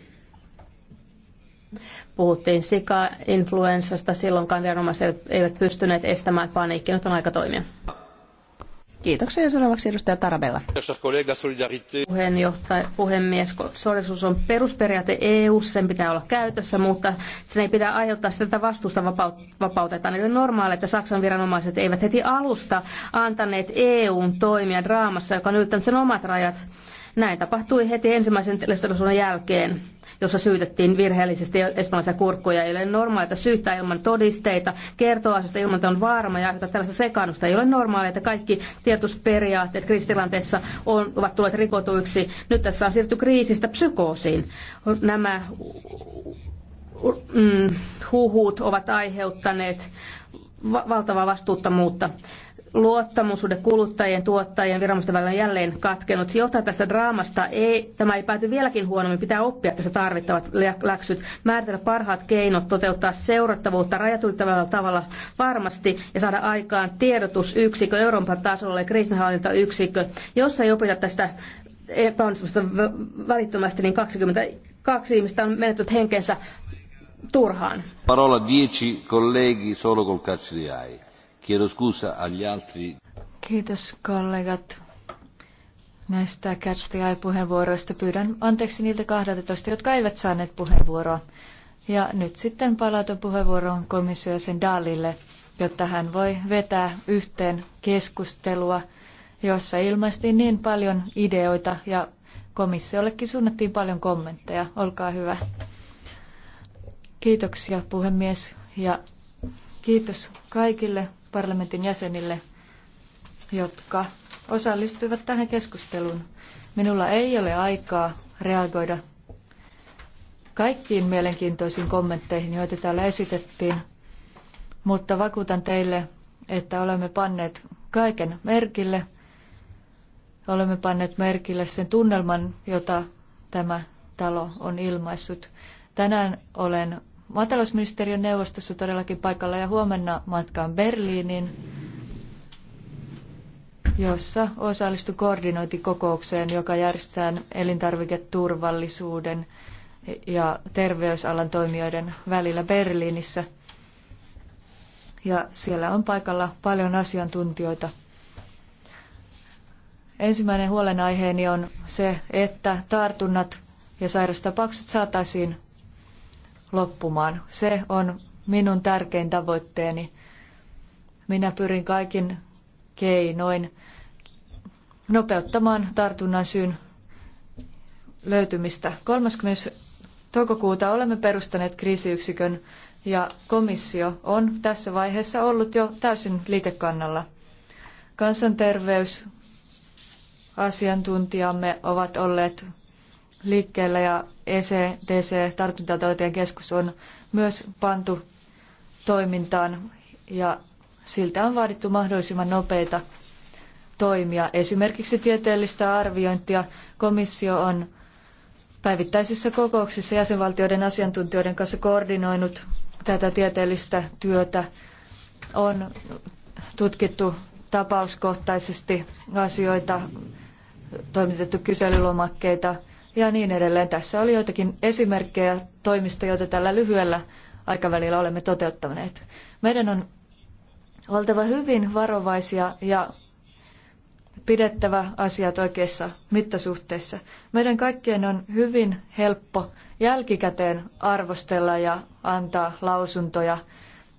Puhuttiin sika-influenssasta, silloin viranomaiset eivät pystyneet estämään paniikki. Nyt on aika toimia. Kiitoksia. Seuraavaksi edustaja Tarabella. Puheenjohtaja, puhemies, solidaarisuus on perusperiaate EU, sen pitää olla käytössä, mutta sen ei pidä aiheuttaa sitä, että vastuusta vapautetaan. Eli on normaali, että Saksan viranomaiset eivät heti alusta antaneet EUn toimia draamassa, joka on yltänyt sen omat rajat näin tapahtui heti ensimmäisen television jälkeen, jossa syytettiin virheellisesti espanjalaisia kurkkuja. Ei ole normaalia, että syyttää ilman todisteita, kertoo asioista ilman, että on varma ja aiheuttaa tällaista sekaannusta. Ei ole normaalia, että kaikki tietosperiaatteet kristilanteessa on, ovat tulleet rikotuiksi. Nyt tässä on siirtynyt kriisistä psykoosiin. Nämä mm, huhut ovat aiheuttaneet valtavaa vastuuttomuutta luottamusuhde kuluttajien, tuottajien ja viranomaisten välillä on jälleen katkenut. Jotta tästä draamasta ei, tämä ei pääty vieläkin huonommin, pitää oppia tässä tarvittavat läksyt, määritellä parhaat keinot toteuttaa seurattavuutta rajatuittavalla tavalla varmasti ja saada aikaan tiedotusyksikkö Euroopan tasolla ja kriisinhallintayksikkö. Jossa ei opita tästä epäonnistumista välittömästi, niin 22 ihmistä on menetetty henkensä turhaan. Parola 10 kollegi solo col cazzo Chiedo scusa agli altri. Kiitos kollegat näistä Catch the Eye-puheenvuoroista. Pyydän anteeksi niiltä 12, jotka eivät saaneet puheenvuoroa. Ja nyt sitten palautan puheenvuoron komissio sen Dallille, jotta hän voi vetää yhteen keskustelua, jossa ilmaistiin niin paljon ideoita ja komissiollekin suunnattiin paljon kommentteja. Olkaa hyvä. Kiitoksia puhemies ja kiitos kaikille parlamentin jäsenille, jotka osallistuivat tähän keskusteluun. Minulla ei ole aikaa reagoida kaikkiin mielenkiintoisiin kommentteihin, joita täällä esitettiin, mutta vakuutan teille, että olemme panneet kaiken merkille. Olemme panneet merkille sen tunnelman, jota tämä talo on ilmaissut. Tänään olen maatalousministeriön neuvostossa todellakin paikalla ja huomenna matkaan Berliiniin, jossa osallistun koordinointikokoukseen, joka järjestetään elintarviketurvallisuuden ja terveysalan toimijoiden välillä Berliinissä. Ja siellä on paikalla paljon asiantuntijoita. Ensimmäinen huolenaiheeni on se, että tartunnat ja sairastapaukset saataisiin loppumaan. Se on minun tärkein tavoitteeni. Minä pyrin kaikin keinoin nopeuttamaan tartunnan syyn löytymistä. 30. toukokuuta olemme perustaneet kriisiyksikön ja komissio on tässä vaiheessa ollut jo täysin liikekannalla. Kansanterveysasiantuntijamme ovat olleet liikkeellä ja ECDC, tartuntatautien keskus, on myös pantu toimintaan ja siltä on vaadittu mahdollisimman nopeita toimia. Esimerkiksi tieteellistä arviointia komissio on päivittäisissä kokouksissa jäsenvaltioiden asiantuntijoiden kanssa koordinoinut tätä tieteellistä työtä. On tutkittu tapauskohtaisesti asioita, toimitettu kyselylomakkeita – ja niin edelleen. Tässä oli joitakin esimerkkejä toimista, joita tällä lyhyellä aikavälillä olemme toteuttaneet. Meidän on oltava hyvin varovaisia ja pidettävä asiat oikeissa mittasuhteissa. Meidän kaikkien on hyvin helppo jälkikäteen arvostella ja antaa lausuntoja.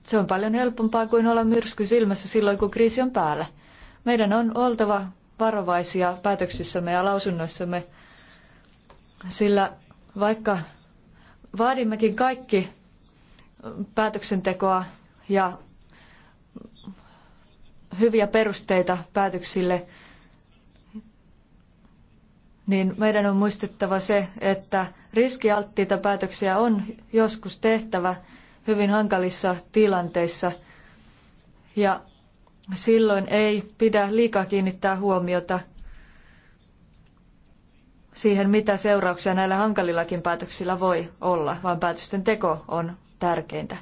Se on paljon helpompaa kuin olla myrsky silmässä silloin, kun kriisi on päällä. Meidän on oltava varovaisia päätöksissämme ja lausunnoissamme sillä vaikka vaadimmekin kaikki päätöksentekoa ja hyviä perusteita päätöksille, niin meidän on muistettava se, että riskialttiita päätöksiä on joskus tehtävä hyvin hankalissa tilanteissa. Ja silloin ei pidä liikaa kiinnittää huomiota siihen, mitä seurauksia näillä hankalillakin päätöksillä voi olla, vaan päätösten teko on tärkeintä.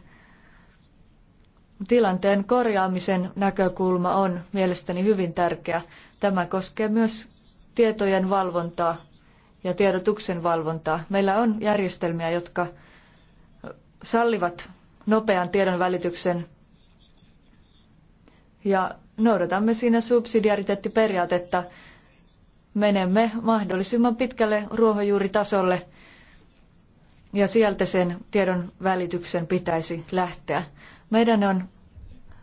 Tilanteen korjaamisen näkökulma on mielestäni hyvin tärkeä. Tämä koskee myös tietojen valvontaa ja tiedotuksen valvontaa. Meillä on järjestelmiä, jotka sallivat nopean tiedon välityksen ja noudatamme siinä subsidiariteettiperiaatetta. periaatetta menemme mahdollisimman pitkälle ruohonjuuritasolle ja sieltä sen tiedon välityksen pitäisi lähteä. Meidän on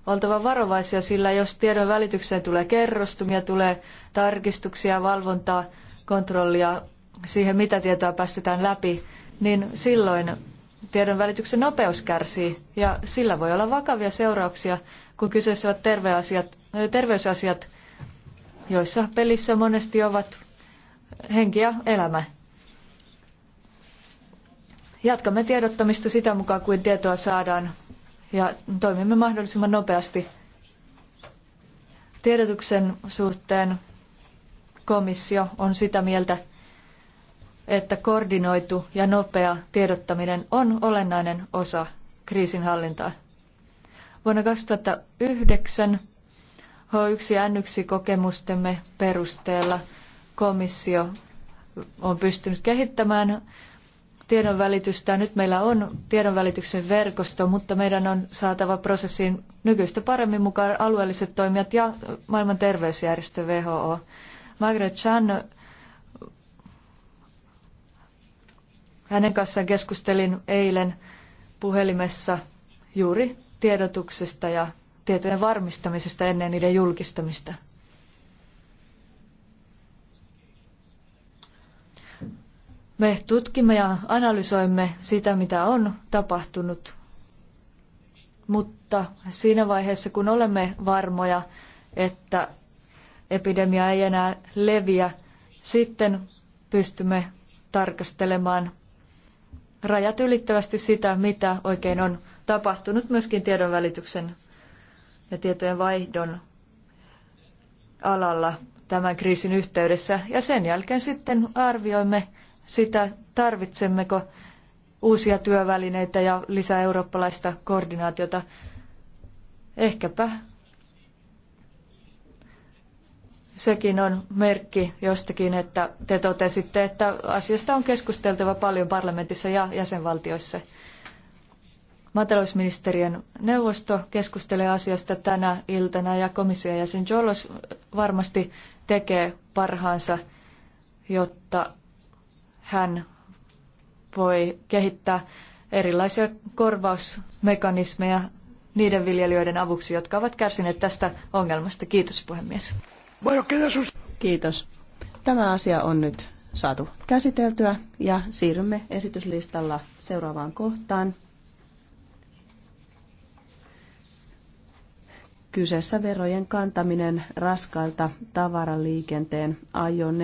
oltava varovaisia, sillä jos tiedon välitykseen tulee kerrostumia, tulee tarkistuksia, valvontaa, kontrollia siihen, mitä tietoa päästetään läpi, niin silloin tiedon välityksen nopeus kärsii ja sillä voi olla vakavia seurauksia, kun kyseessä ovat terveysasiat, terveysasiat joissa pelissä monesti ovat henki ja elämä. Jatkamme tiedottamista sitä mukaan, kuin tietoa saadaan ja toimimme mahdollisimman nopeasti. Tiedotuksen suhteen komissio on sitä mieltä, että koordinoitu ja nopea tiedottaminen on olennainen osa kriisinhallintaa. Vuonna 2009 h 1 n kokemustemme perusteella komissio on pystynyt kehittämään tiedonvälitystä. Nyt meillä on tiedonvälityksen verkosto, mutta meidän on saatava prosessiin nykyistä paremmin mukaan alueelliset toimijat ja maailman terveysjärjestö WHO. Margaret Chan, hänen kanssaan keskustelin eilen puhelimessa juuri tiedotuksesta ja tietojen varmistamisesta ennen niiden julkistamista. Me tutkimme ja analysoimme sitä, mitä on tapahtunut, mutta siinä vaiheessa, kun olemme varmoja, että epidemia ei enää leviä, sitten pystymme tarkastelemaan rajat ylittävästi sitä, mitä oikein on tapahtunut myöskin tiedonvälityksen ja tietojen vaihdon alalla tämän kriisin yhteydessä. Ja sen jälkeen sitten arvioimme sitä, tarvitsemmeko uusia työvälineitä ja lisää eurooppalaista koordinaatiota. Ehkäpä sekin on merkki jostakin, että te totesitte, että asiasta on keskusteltava paljon parlamentissa ja jäsenvaltioissa – Maatalousministerien neuvosto keskustelee asiasta tänä iltana ja komission jäsen Jolos varmasti tekee parhaansa, jotta hän voi kehittää erilaisia korvausmekanismeja niiden viljelijöiden avuksi, jotka ovat kärsineet tästä ongelmasta. Kiitos puhemies. Kiitos. Tämä asia on nyt saatu käsiteltyä ja siirrymme esityslistalla seuraavaan kohtaan. kyseessä verojen kantaminen raskailta tavaraliikenteen ajoneuvoilta.